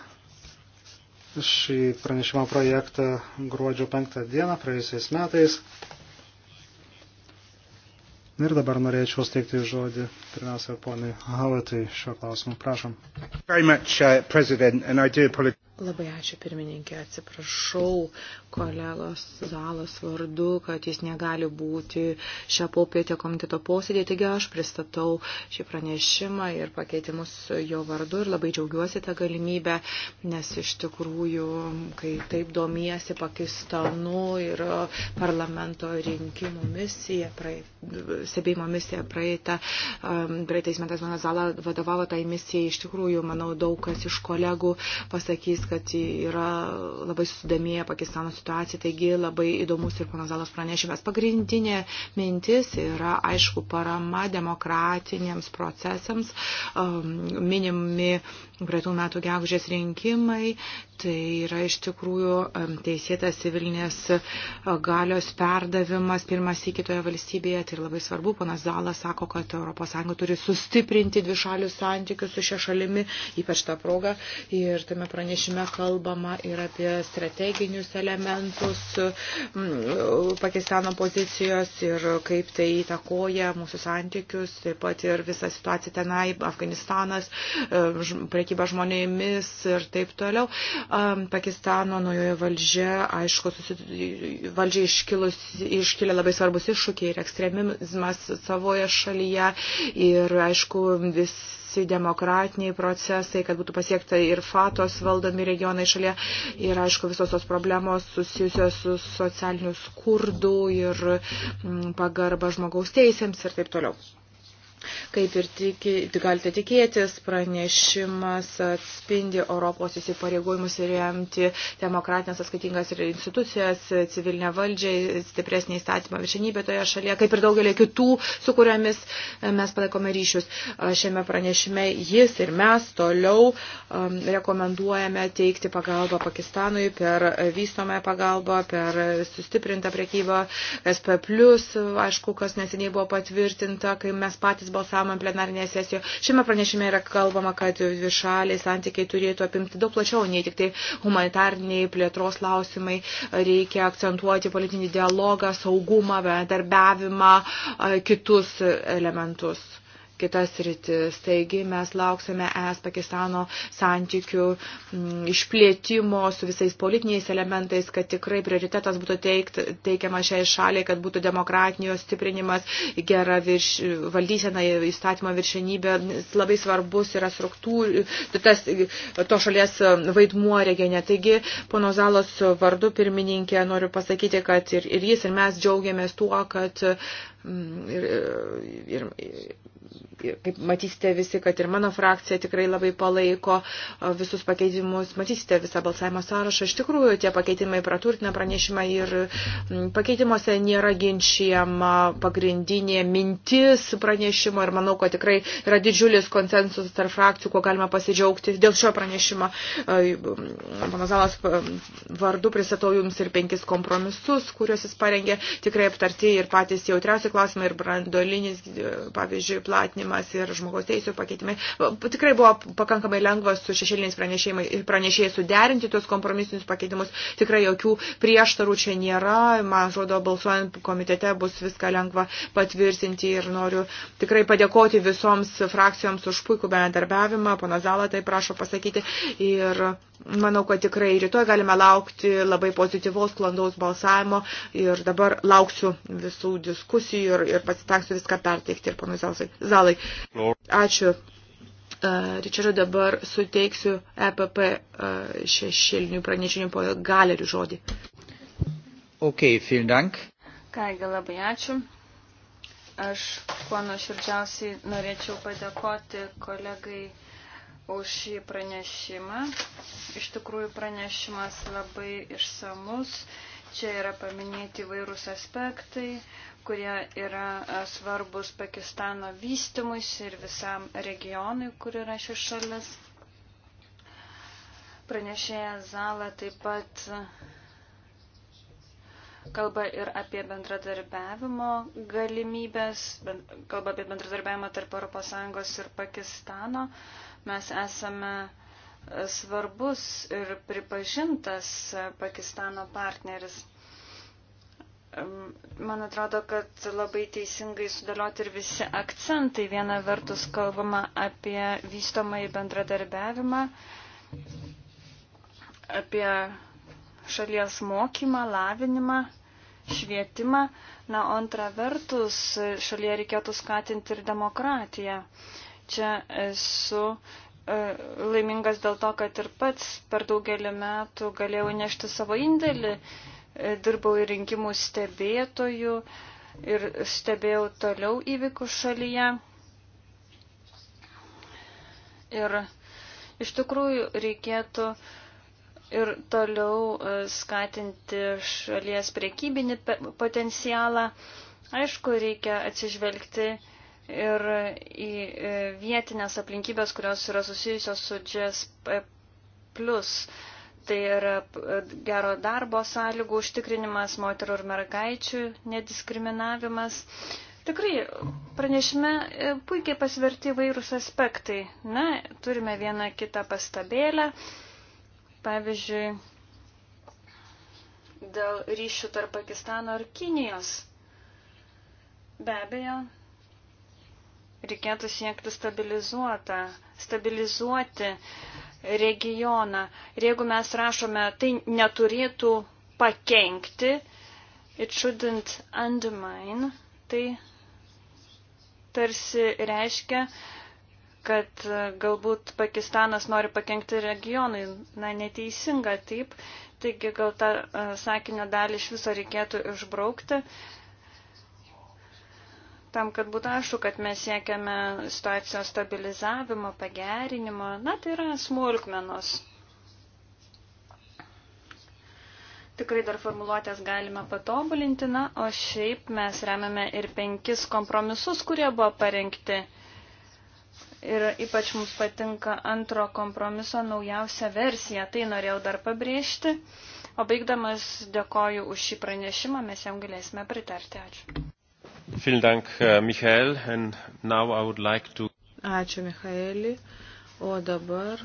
šį pranešimo projektą gruodžio 5 dieną praėjusiais metais. Ir dabar norėčiau steigti žodį pirmiausia ponui Havetui šiuo klausimu. Prašom. Very much, uh, Labai ačiū pirmininkė, atsiprašau kolegos Zalas vardu, kad jis negali būti šią popietę komiteto posėdėje, taigi aš pristatau šį pranešimą ir pakeitimus jo vardu ir labai džiaugiuosi tą galimybę, nes iš tikrųjų, kai taip domiesi Pakistanu ir parlamento rinkimų misija, prae, stebėjimo misija praeitą, um, praeitais metais mano Zala vadovavo tai misijai, iš tikrųjų, manau, daug kas iš kolegų pasakys, kad yra labai susidomėję Pakistano situaciją, taigi labai įdomus ir panas Zalas pranešimas. Pagrindinė mintis yra, aišku, parama demokratiniams procesams, um, minimi Praeitų metų gegužės rinkimai tai yra iš tikrųjų teisėtas civilinės galios perdavimas pirmas į kitoje valstybėje. Tai labai svarbu. Panas Zalas sako, kad ES turi sustiprinti dvišalius santykius su šia šalimi, ypač tą progą. Ir tame pranešime kalbama ir apie strateginius elementus Pakistano pozicijos ir kaip tai įtakoja mūsų santykius, taip pat ir visa situacija tenai, Afganistanas, e, prie prekyba žmonėmis ir taip toliau. Pakistano naujoje valdžia, aišku, valdžiai iškilus, iškilė labai svarbus iššūkiai ir ekstremizmas savoje šalyje ir, aišku, vis visi demokratiniai procesai, kad būtų pasiekta ir fatos valdomi regionai šalia ir aišku visos tos problemos susijusios su socialiniu skurdu ir mm, pagarba žmogaus teisėms ir taip toliau. Kaip ir tiki, galite tikėtis, pranešimas atspindi Europos įsipareigojimus remti demokratinės atskaitingas ir institucijas, civilinę valdžią, stipresnį įstatymą viršinybę toje šalyje, kaip ir daugelį kitų, su kuriomis mes palaikome ryšius. Šiame pranešime jis ir mes toliau um, rekomenduojame teikti pagalbą Pakistanui per vystomąją pagalbą, per sustiprintą priekybą SP+, aišku, kas neseniai buvo patvirtinta, kai mes patys balsavome balsavimą plenarinėje sesijoje. Šiame pranešime yra kalbama, kad višaliai santykiai turėtų apimti daug plačiau, nei tik tai humanitariniai plėtros klausimai. Reikia akcentuoti politinį dialogą, saugumą, bendarbiavimą, e, kitus elementus kitas rytis. Taigi mes lauksime es Pakistano santykių m, mm, išplėtimo su visais politiniais elementais, kad tikrai prioritetas būtų teikt, teikiamas šiai šaliai, kad būtų demokratinijos stiprinimas, gera virš, valdysena, įstatymo viršenybė. Labai svarbus yra struktūrų, tas to šalies vaidmuo regione. Taigi, pono Zalos vardu pirmininkė, noriu pasakyti, kad ir, ir jis, ir mes džiaugiamės tuo, kad Mm, ir, ir, ir kaip matysite visi, kad ir mano frakcija tikrai labai palaiko e, visus pakeitimus, matysite visą balsavimo sąrašą. Iš tikrųjų, tie pakeitimai praturtina pranešimą ir mm, pakeitimuose nėra ginčiama pagrindinė mintis pranešimo ir manau, kad tikrai yra didžiulis konsensus tarp frakcijų, kuo galima pasidžiaugti. Dėl šio pranešimo, e, mm, panazalas e, vardu pristatau jums ir penkis kompromisus, kuriuos jis parengė, tikrai aptarti ir patys jautriausi visi klausimai ir brandolinis, pavyzdžiui, platinimas ir žmogaus teisų pakeitimai. Tikrai buvo pakankamai lengva su šešėliniais pranešėjais suderinti tuos kompromisinius pakeitimus. Tikrai jokių prieštarų čia nėra. Man atrodo, balsuojant komitete bus viską lengva patvirtinti ir noriu tikrai padėkoti visoms frakcijoms už puikų bendarbiavimą. Pana Zala tai prašo pasakyti. Ir manau, kad tikrai rytoj galime laukti labai pozityvaus klandaus balsavimo. Ir dabar lauksiu visų diskusijų diskusijų ir, ir pasitengsiu viską perteikti ir ponui Zalai. Ačiū. Ričardo dabar suteiksiu EPP šešilinių pranešinių po galerių žodį. Ok, vielen dank. Kągi, labai ačiū. Aš kuo nuoširdžiausiai norėčiau padėkoti kolegai už šį pranešimą. Iš tikrųjų, pranešimas labai išsamus. Čia yra paminėti vairūs aspektai. Uh, kurie yra e, svarbus Pakistano vystimus ir visam regionui, kur yra šis šalis. Pranešėja Zala taip pat e, kalba ir apie bendradarbiavimo galimybės, kalba apie bendradarbiavimą tarp ES ir Pakistano. Mes esame e, svarbus ir pripažintas Pakistano partneris. Man atrodo, kad labai teisingai sudėlioti ir visi akcentai. Viena vertus kalbama apie vystomą į bendradarbiavimą, apie šalies mokymą, lavinimą, švietimą. Na, antra vertus, šalyje reikėtų skatinti ir demokratiją. Čia esu e, laimingas dėl to, kad ir pats per daugelį metų galėjau nešti savo indėlį dirbau ir rinkimų stebėtojų ir stebėjau toliau įvykių šalyje. Ir iš tikrųjų reikėtų ir toliau e, skatinti šalies priekybinį potencialą. Aišku, reikia atsižvelgti ir į e, vietinės aplinkybės, kurios yra susijusios su GSP. Plus tai yra gero darbo sąlygų užtikrinimas, moterų ir mergaičių nediskriminavimas. Tikrai pranešime e, puikiai pasverti vairūs aspektai. Na, turime vieną kitą pastabėlę. Pavyzdžiui, dėl ryšių tarp Pakistano ir Kinijos. Be abejo, reikėtų siekti stabilizuotą, stabilizuoti uh, regioną. Ir jeigu mes rašome, tai neturėtų pakenkti, it shouldn't undermine, tai tarsi reiškia, kad e, galbūt Pakistanas nori pakengti regionui. Na, neteisinga taip. Taigi gal tą e, sakinio dalį iš viso reikėtų išbraukti. Uh, tam, kad būtų aišku, kad mes siekiame situacijos stabilizavimo, pagerinimo, na tai yra smulkmenos. Tikrai dar formuluotės galime patobulinti, na, o šiaip mes remiame ir penkis kompromisus, kurie buvo parengti. Ir ypač mums patinka antro kompromiso naujausia versija, tai norėjau dar pabrėžti. O baigdamas dėkoju už šį pranešimą, mes jam galėsime pritarti. Ačiū. Äh, ačiū, Michaeli. O dabar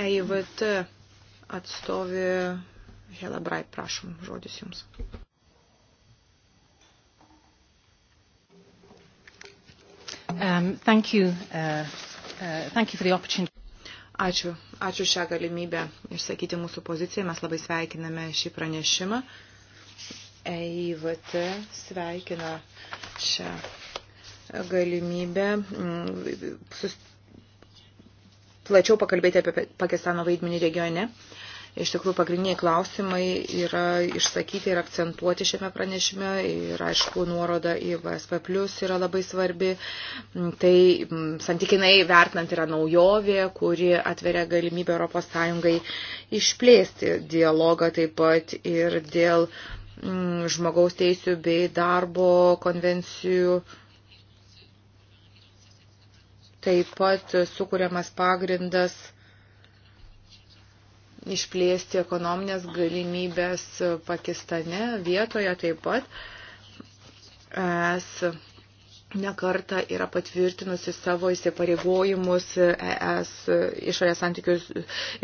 EIVT atstovė Helebrai, prašom, žodis jums. Um, thank you, uh, uh, thank you for the opportunity. Ačiū. Ačiū šią galimybę išsakyti mūsų poziciją. Mes labai sveikiname šį pranešimą. EIVT sveikina uh, čia galimybę mm, sus... plačiau pakalbėti apie Pakistano vaidmenį regione. Iš tikrųjų, pagrindiniai klausimai yra išsakyti ir akcentuoti šiame pranešime. Ir, aišku, nuoroda į VSP plus yra labai svarbi. Tai mm, santykinai vertinant yra naujovė, kuri atveria galimybę ES išplėsti dialogą taip pat ir dėl uh, Mm, žmogaus teisų bei darbo konvencijų. Taip pat sukūriamas pagrindas išplėsti ekonominės galimybės Pakistane vietoje taip pat. Es nekarta yra patvirtinusi savo įsipareigojimus ES išorės santykius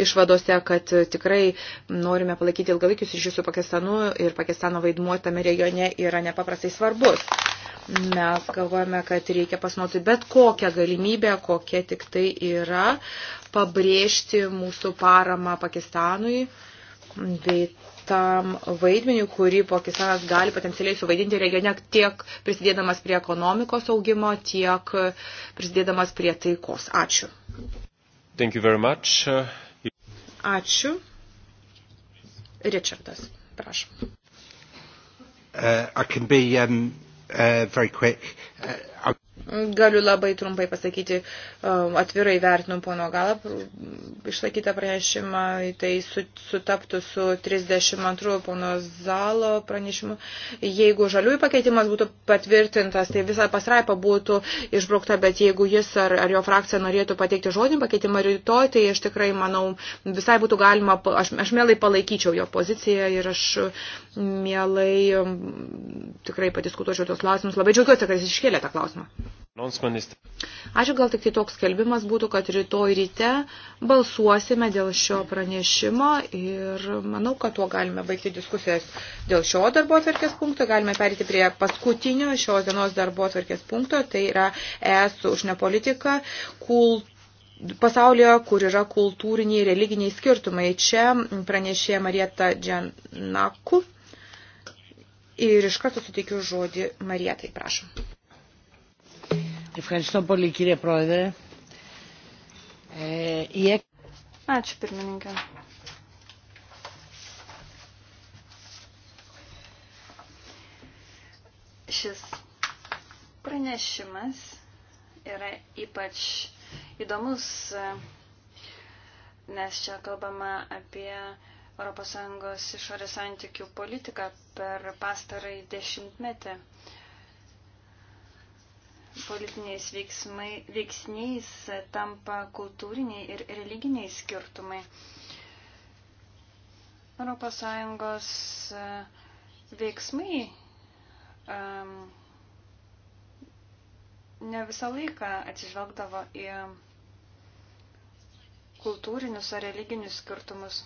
išvadose, kad tikrai norime palaikyti ilgalaikius ryšius su Pakistanu ir Pakistano vaidmuo tame regione yra nepaprastai svarbus. Mes galvojame, kad reikia pasinaudoti bet kokią galimybę, kokia tik tai yra, pabrėžti mūsų paramą Pakistanui bei tam vaidmeniu, kurį Pakistanas gali potencialiai suvaidinti regione tiek prisidėdamas prie ekonomikos augimo, tiek prisidėdamas prie taikos. Ačiū. Ačiū. Richardas, prašom. Uh, I can be um, uh, very quick. Uh, Galiu labai trumpai pasakyti, e, atvirai vertinu pono galą, išsakytą pranešimą, tai sutaptų su 32 pono Zalo pranešimu. Jeigu žaliųjų pakeitimas būtų patvirtintas, tai visa pasraipa būtų išbraukta, bet jeigu jis ar, ar jo frakcija norėtų pateikti žodinį pakeitimą rytoj, tai aš tikrai manau, visai būtų galima, aš, aš mielai palaikyčiau jo poziciją ir aš mielai tikrai padiskutuočiau tos klausimus. Labai džiaugiuosi, kad jis iškėlė tą klausimą. Ačiū, gal tik tai toks skelbimas būtų, kad rytoj ryte balsuosime dėl šio pranešimo ir manau, kad tuo galime baigti diskusijas dėl šio darbo atverkės punkto. Galime perėti prie paskutinio šios dienos darbo atverkės punkto, tai yra ES užne politika, kultūra. Pasaulyje, kur yra kultūriniai, religiniai skirtumai. Čia pranešė Marieta Džanaku ir iš karto suteikiu žodį Marietai, prašom. Ευχαριστώ πολύ κύριε Πρόεδρε. Ε, η... Ačiū pirmininkė. Šis pranešimas yra ypač įdomus, nes čia kalbama apie ES išorės santykių politiką per pastarąjį dešimtmetį politiniais veiksmai, veiksniais tampa kultūriniai ir religiniai skirtumai. ES e, veiksmai um, ne visą laiką atsižvelgdavo į kultūrinius ar religinius skirtumus.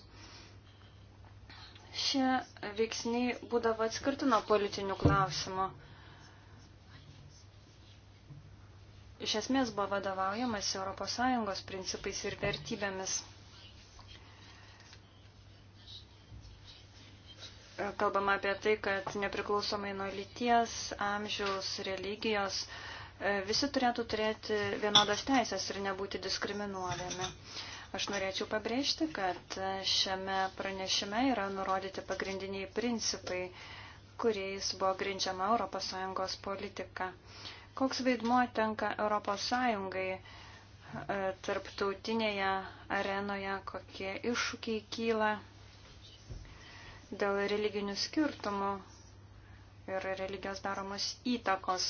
Šie veiksniai būdavo atskirti nuo politinių klausimų. iš esmės buvo vadovaujamas ES principais ir vertybėmis. Kalbama apie tai, kad nepriklausomai nuo lyties, amžiaus, religijos, e, visi turėtų turėti vienodas teisės ir nebūti diskriminuojami. Aš norėčiau pabrėžti, kad e, šiame pranešime yra nurodyti pagrindiniai principai, kuriais buvo grindžiama ES politika. Koks vaidmuo tenka Europos Sąjungai e, tarptautinėje arenoje, kokie iššūkiai kyla dėl religinių skirtumų ir religijos daromos įtakos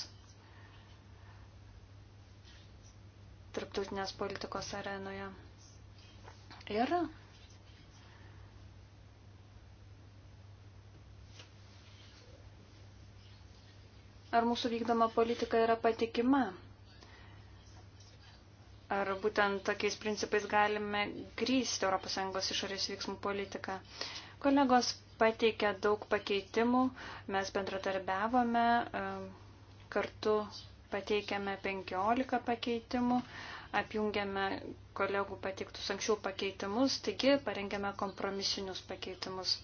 tarptautinės politikos arenoje. Ir ar mūsų vykdoma politika yra patikima. Ar būtent tokiais principais galime grįsti ES išorės veiksmų politiką. Kolegos pateikė daug pakeitimų, mes bendradarbiavome, e, kartu pateikėme 15 pakeitimų, apjungėme kolegų pateiktus anksčiau pakeitimus, taigi parengėme kompromisinius pakeitimus.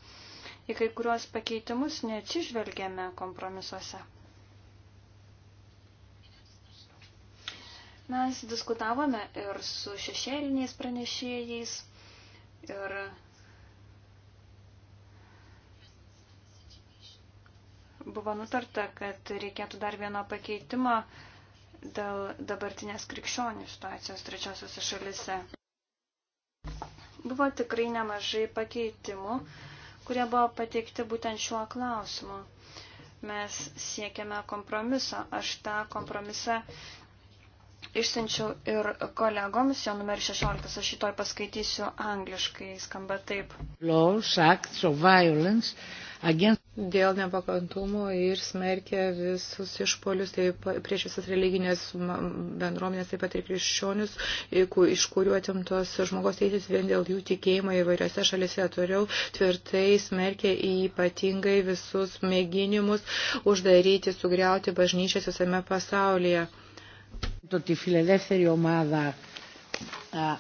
Į kai kuriuos pakeitimus neatsižvelgėme kompromisuose. Mes diskutavome ir su šešėliniais pranešėjais, ir buvo nutarta, kad reikėtų dar vieno pakeitimo dėl dabartinės krikščionių situacijos trečiosiuose šalise. Buvo tikrai nemažai pakeitimų, kurie buvo pateikti būtent šiuo klausimu. Mes siekiame kompromiso. Aš tą kompromisą Išsiunčiau ir kolegoms, jo numeris 16, aš šitoj paskaitysiu angliškai, skamba taip. Laws, acts of violence against... Dėl nepakantumo ir smerkia visus išpolius taip, prieš visas religinės bendruomenės, taip pat ir krikščionius, iš kurių atimtos žmogaus teisės vien dėl jų tikėjimo įvairiose šalise. Toliau tvirtai smerkia ypatingai visus mėginimus uždaryti, sugriauti bažnyčias visame pasaulyje ότι η φιλελεύθερη ομάδα α,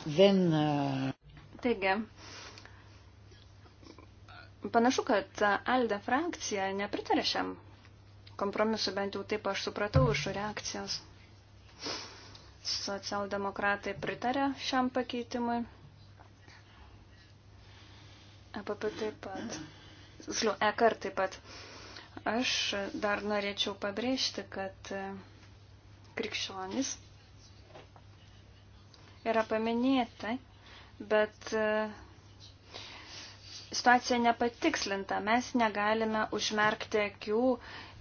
δεν. Taigi, panašu, kad Alde frakcija nepritarė šiam kompromisu, bent jau taip aš supratau iš reakcijos. Socialdemokratai pritarė šiam pakeitimui. APP e taip pat. Zliu, EKR taip pat. Aš dar norėčiau pabrėžti, kad uh, krikščionis yra paminėta, bet e, situacija nepatikslinta. Mes negalime užmerkti akių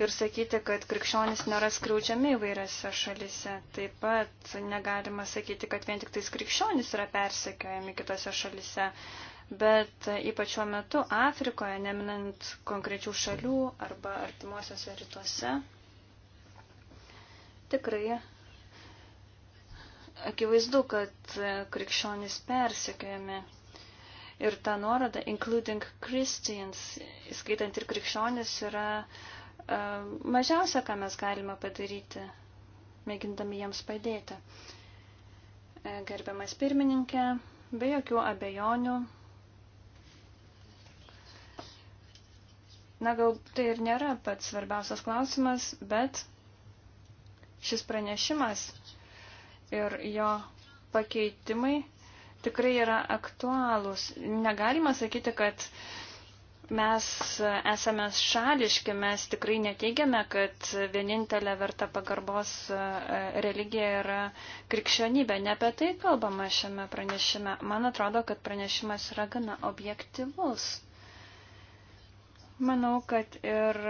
ir sakyti, kad krikščionis nėra skriaudžiami įvairiose šalise. Taip pat negalima sakyti, kad vien tik tais krikščionis yra persekiojami kitose šalise. Bet e, ypač šiuo metu Afrikoje, neminant konkrečių šalių arba artimuosiuose rytuose, Tikrai akivaizdu, kad krikščionys persekiojami. Ir ta nuoroda, including Christians, įskaitant ir krikščionis, yra e, mažiausia, ką mes galime padaryti, mėgindami jiems padėti. E, gerbiamas pirmininkė, be jokių abejonių. Na, gal tai ir nėra pats svarbiausias klausimas, bet Šis pranešimas ir jo pakeitimai tikrai yra aktualūs. Negalima sakyti, kad mes esame šališki, mes tikrai neteigiame, kad vienintelė verta pagarbos e, religija yra krikščionybė. Ne apie tai kalbama šiame pranešime. Man atrodo, kad pranešimas yra gana objektivus. Manau, kad ir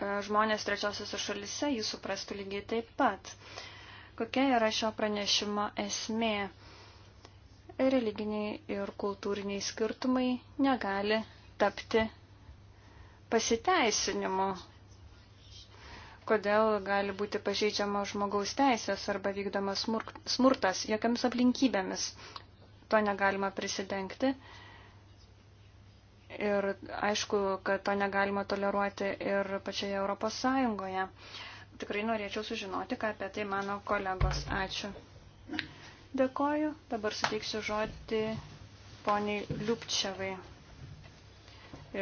E, žmonės trečiosiuose šalise jį suprastų lygiai taip pat. Kokia yra šio pranešimo esmė? Religiniai ir kultūriniai skirtumai negali tapti pasiteisinimu kodėl gali būti pažeidžiama žmogaus teisės arba vykdomas smurtas, jokiamis aplinkybėmis. To negalima prisidengti. Ir aišku, kad to negalima toleruoti ir pačioje Europos Sąjungoje. Tikrai norėčiau sužinoti, ką apie tai mano kolegos. Ačiū. Dėkoju. Dabar suteiksiu žodį poniai Liupčiavai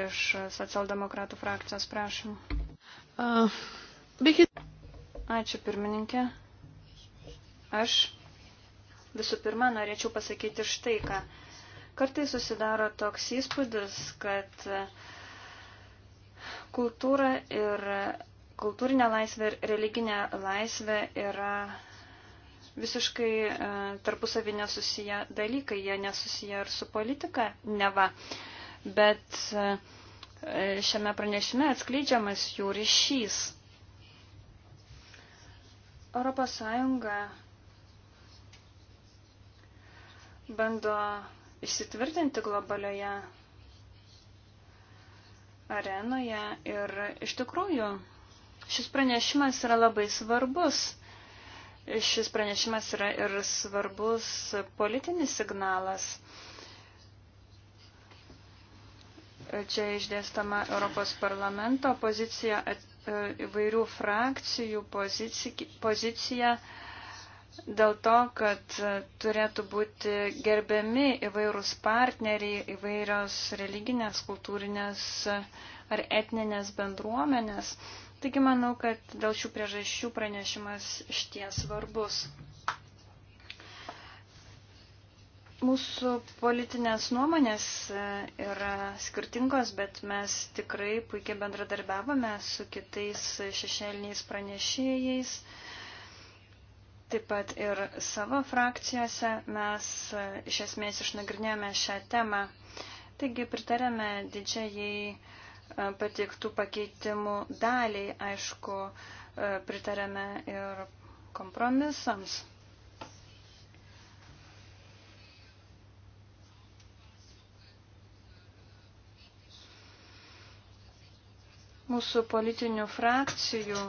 iš socialdemokratų frakcijos. Prašom. Uh, Ačiū pirmininkė. Aš visų pirma norėčiau pasakyti štai ką. Uh, Kartai susidaro toks įspūdis, kad e, kultūra ir kultūrinė laisvė ir religinė laisvė yra visiškai e, tarpusavį nesusiję dalykai, jie nesusiję ir su politika, neva. Bet e, šiame pranešime atskleidžiamas jų ryšys. Europos Sąjunga bando įsitvirtinti globalioje arenoje ir iš tikrųjų šis pranešimas yra labai svarbus. Šis pranešimas yra ir svarbus politinis signalas. Čia išdėstama Europos parlamento pozicija, e, įvairių frakcijų pozicija, pozicija dėl to, kad turėtų būti gerbiami įvairūs partneriai, įvairios religinės, kultūrinės ar etninės bendruomenės. Taigi manau, kad dėl šių priežasčių pranešimas šties svarbus. Mūsų politinės nuomonės e, yra skirtingos, bet mes tikrai puikiai bendradarbiavome su kitais šešėliniais pranešėjais. Taip pat ir savo frakcijose mes e, iš esmės išnagrinėjome šią temą. Taigi pritarėme didžiai e, pateiktų pakeitimų daliai, aišku, e, pritarėme ir kompromisams. Mūsų politinių frakcijų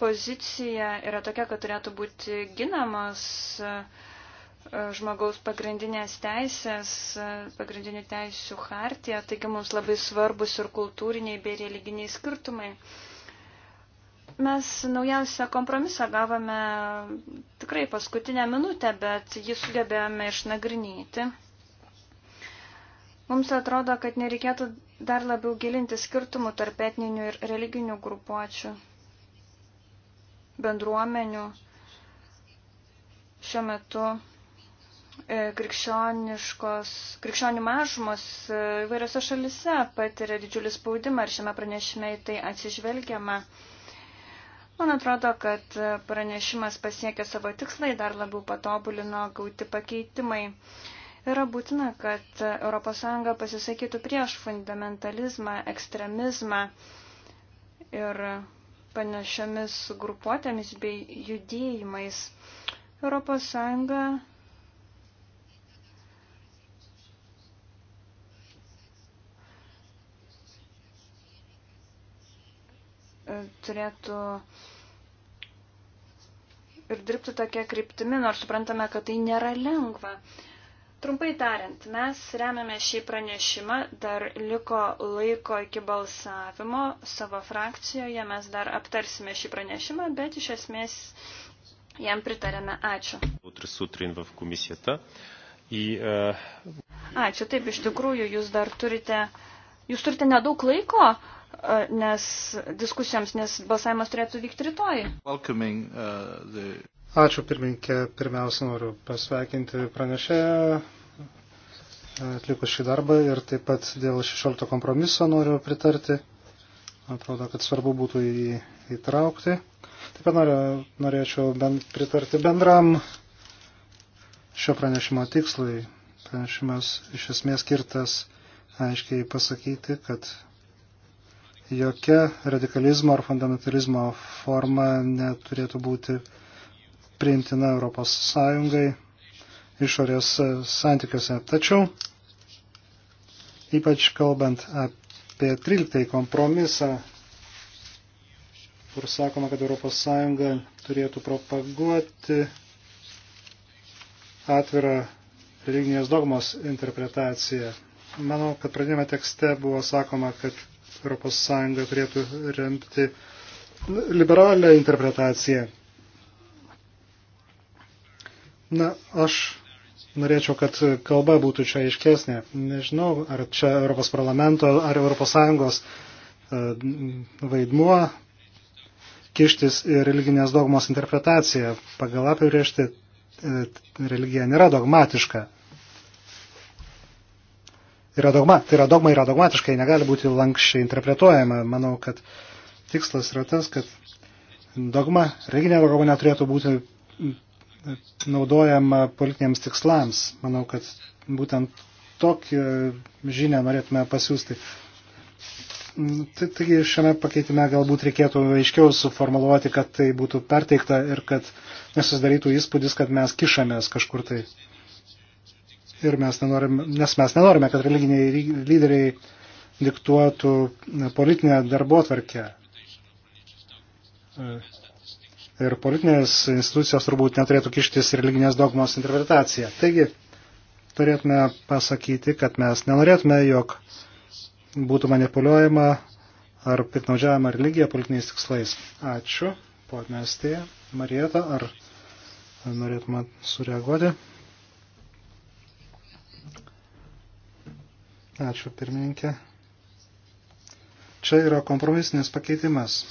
pozicija yra tokia, kad turėtų būti ginamos e, žmogaus pagrindinės teisės, e, pagrindinių teisių hartija, taigi mums labai svarbus ir kultūriniai bei religiniai skirtumai. Mes naujausią kompromisą gavome tikrai paskutinę minutę, bet jį sugebėjome išnagrinėti. Mums atrodo, kad nereikėtų dar labiau gilinti skirtumų tarp etninių ir religinių grupuočių bendruomenių šiuo metu e, krikščioniškos, krikščionių mažumos e, įvairiose šalise patiria didžiulį spaudimą ir šiame pranešime į tai atsižvelgiama. Man atrodo, kad pranešimas pasiekė savo tikslai, dar labiau patobulino gauti pakeitimai. Yra būtina, kad ES pasisakytų prieš fundamentalizmą, ekstremizmą ir panašiomis grupuotėmis bei judėjimais. ES turėtų ir dirbti tokia kryptimi, nors suprantame, kad tai nėra lengva. Uh, Trumpai tariant, mes remiame šį pranešimą, dar liko laiko iki balsavimo, savo frakcijoje mes dar aptarsime šį pranešimą, bet iš esmės jam pritarėme. Ačiū. Ačiū, taip iš tikrųjų, jūs dar turite, jūs turite nedaug laiko, e, nes diskusijoms, nes balsavimas turėtų vykti rytoj. Ačiū pirminkė. Pirmiausia, noriu pasveikinti pranešėją atlikus šį darbą ir taip pat dėl 16 kompromiso noriu pritarti. Atrodo, kad svarbu būtų jį įtraukti. Taip pat noriu, norėčiau bent pritarti bendram šio pranešimo tikslui. Pranešimas iš esmės skirtas aiškiai pasakyti, kad jokia radikalizmo ar fundamentalizmo forma neturėtų būti priimtina Europos Sąjungai išorės santykiuose. Tačiau, ypač kalbant apie 13 kompromisą, kur sakoma, kad Europos Sąjunga turėtų propaguoti atvirą religinės dogmos interpretaciją. Manau, kad pradėjame tekste buvo sakoma, kad Europos Sąjunga turėtų remti liberalią interpretaciją. Na, aš norėčiau, kad kalba būtų čia aiškesnė. Nežinau, ar čia Europos parlamento, ar Europos Sąjungos e, vaidmuo kištis į religinės dogmos interpretaciją. Pagal apibriežti e, religija nėra dogmatiška. Yra dogma, tai yra dogma yra dogmatiškai, negali būti lankščiai interpretuojama. Manau, kad tikslas yra tas, kad dogma, religinė dogma neturėtų būti naudojama politiniams tikslams. Manau, kad būtent tokią žinę norėtume pasiūsti. Tai, taigi šiame pakeitime galbūt reikėtų aiškiau suformuluoti, kad tai būtų perteikta ir kad nesusidarytų įspūdis, kad mes kišamės kažkur tai. Ir mes nenorime, nes mes nenorime, kad religiniai lyderiai diktuotų politinę darbo tvarkę ir politinės institucijos turbūt neturėtų kištis religinės dogmos interpretaciją. Taigi, turėtume pasakyti, kad mes nenorėtume, jog būtų manipuliuojama ar piknaudžiavama religija politiniais tikslais. Ačiū, podmestėje. Marieta, ar norėtume sureaguoti? Ačiū, pirmininkė. Čia yra kompromisinis pakeitimas.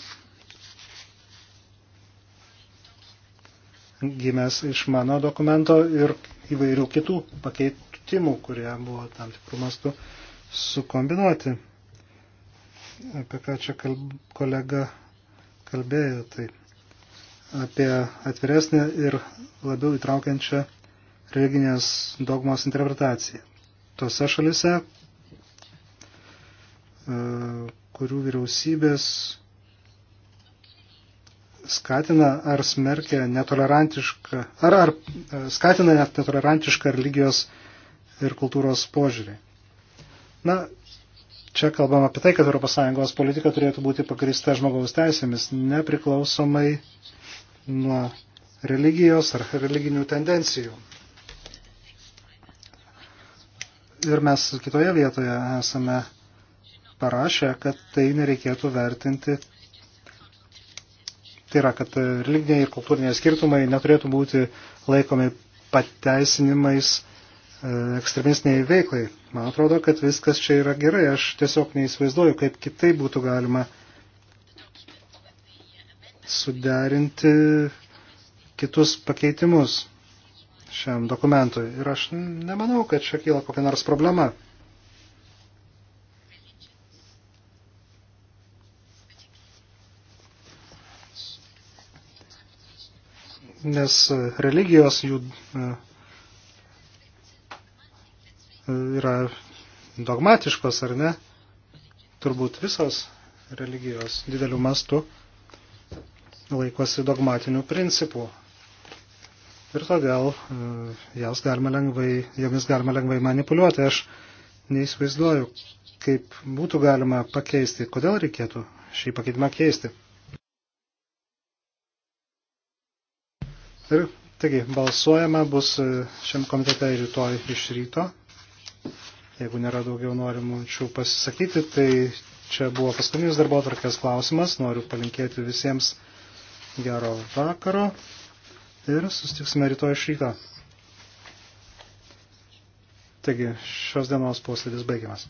gimęs iš mano dokumento ir įvairių kitų pakeitimų, kurie buvo tam tikrų mastų sukombinuoti. Apie ką čia kalb, kolega kalbėjo, tai apie atviresnę ir labiau įtraukiančią religinės dogmos interpretaciją. Tose šalise, e, kurių vyriausybės skatina ar smerkia netolerantišką, ar, ar e, skatina net netolerantišką religijos ir kultūros požiūrį. Na, čia kalbam apie tai, kad ES politika turėtų būti pagrįsta žmogaus teisėmis, nepriklausomai nuo religijos ar religinių tendencijų. Ir mes kitoje vietoje esame parašę, kad tai nereikėtų vertinti tai yra, kad religiniai ir kultūriniai skirtumai neturėtų būti laikomi pateisinimais e, ekstremistiniai veiklai. Man atrodo, kad viskas čia yra gerai. Aš tiesiog neįsivaizduoju, kaip kitai būtų galima suderinti kitus pakeitimus šiam dokumentui. Ir aš nemanau, kad čia kyla kokia nors problema. nes religijos jų e, yra dogmatiškos, ar ne? Turbūt visos religijos didelių mastų laikosi dogmatinių principų. Ir todėl e, jas galima lengvai, jomis galima lengvai manipuliuoti. Aš neįsivaizduoju, kaip būtų galima pakeisti, kodėl reikėtų šį pakeitimą keisti. Ir taigi, balsuojama bus e, šiam komitete rytoj iš ryto. Jeigu nėra daugiau norimų šių pasisakyti, tai čia buvo paskutinis darbo atvarkės klausimas. Noriu palinkėti visiems gero vakaro ir sustiksime rytoj iš ryto. Taigi, šios dienos posėdis baigiamas.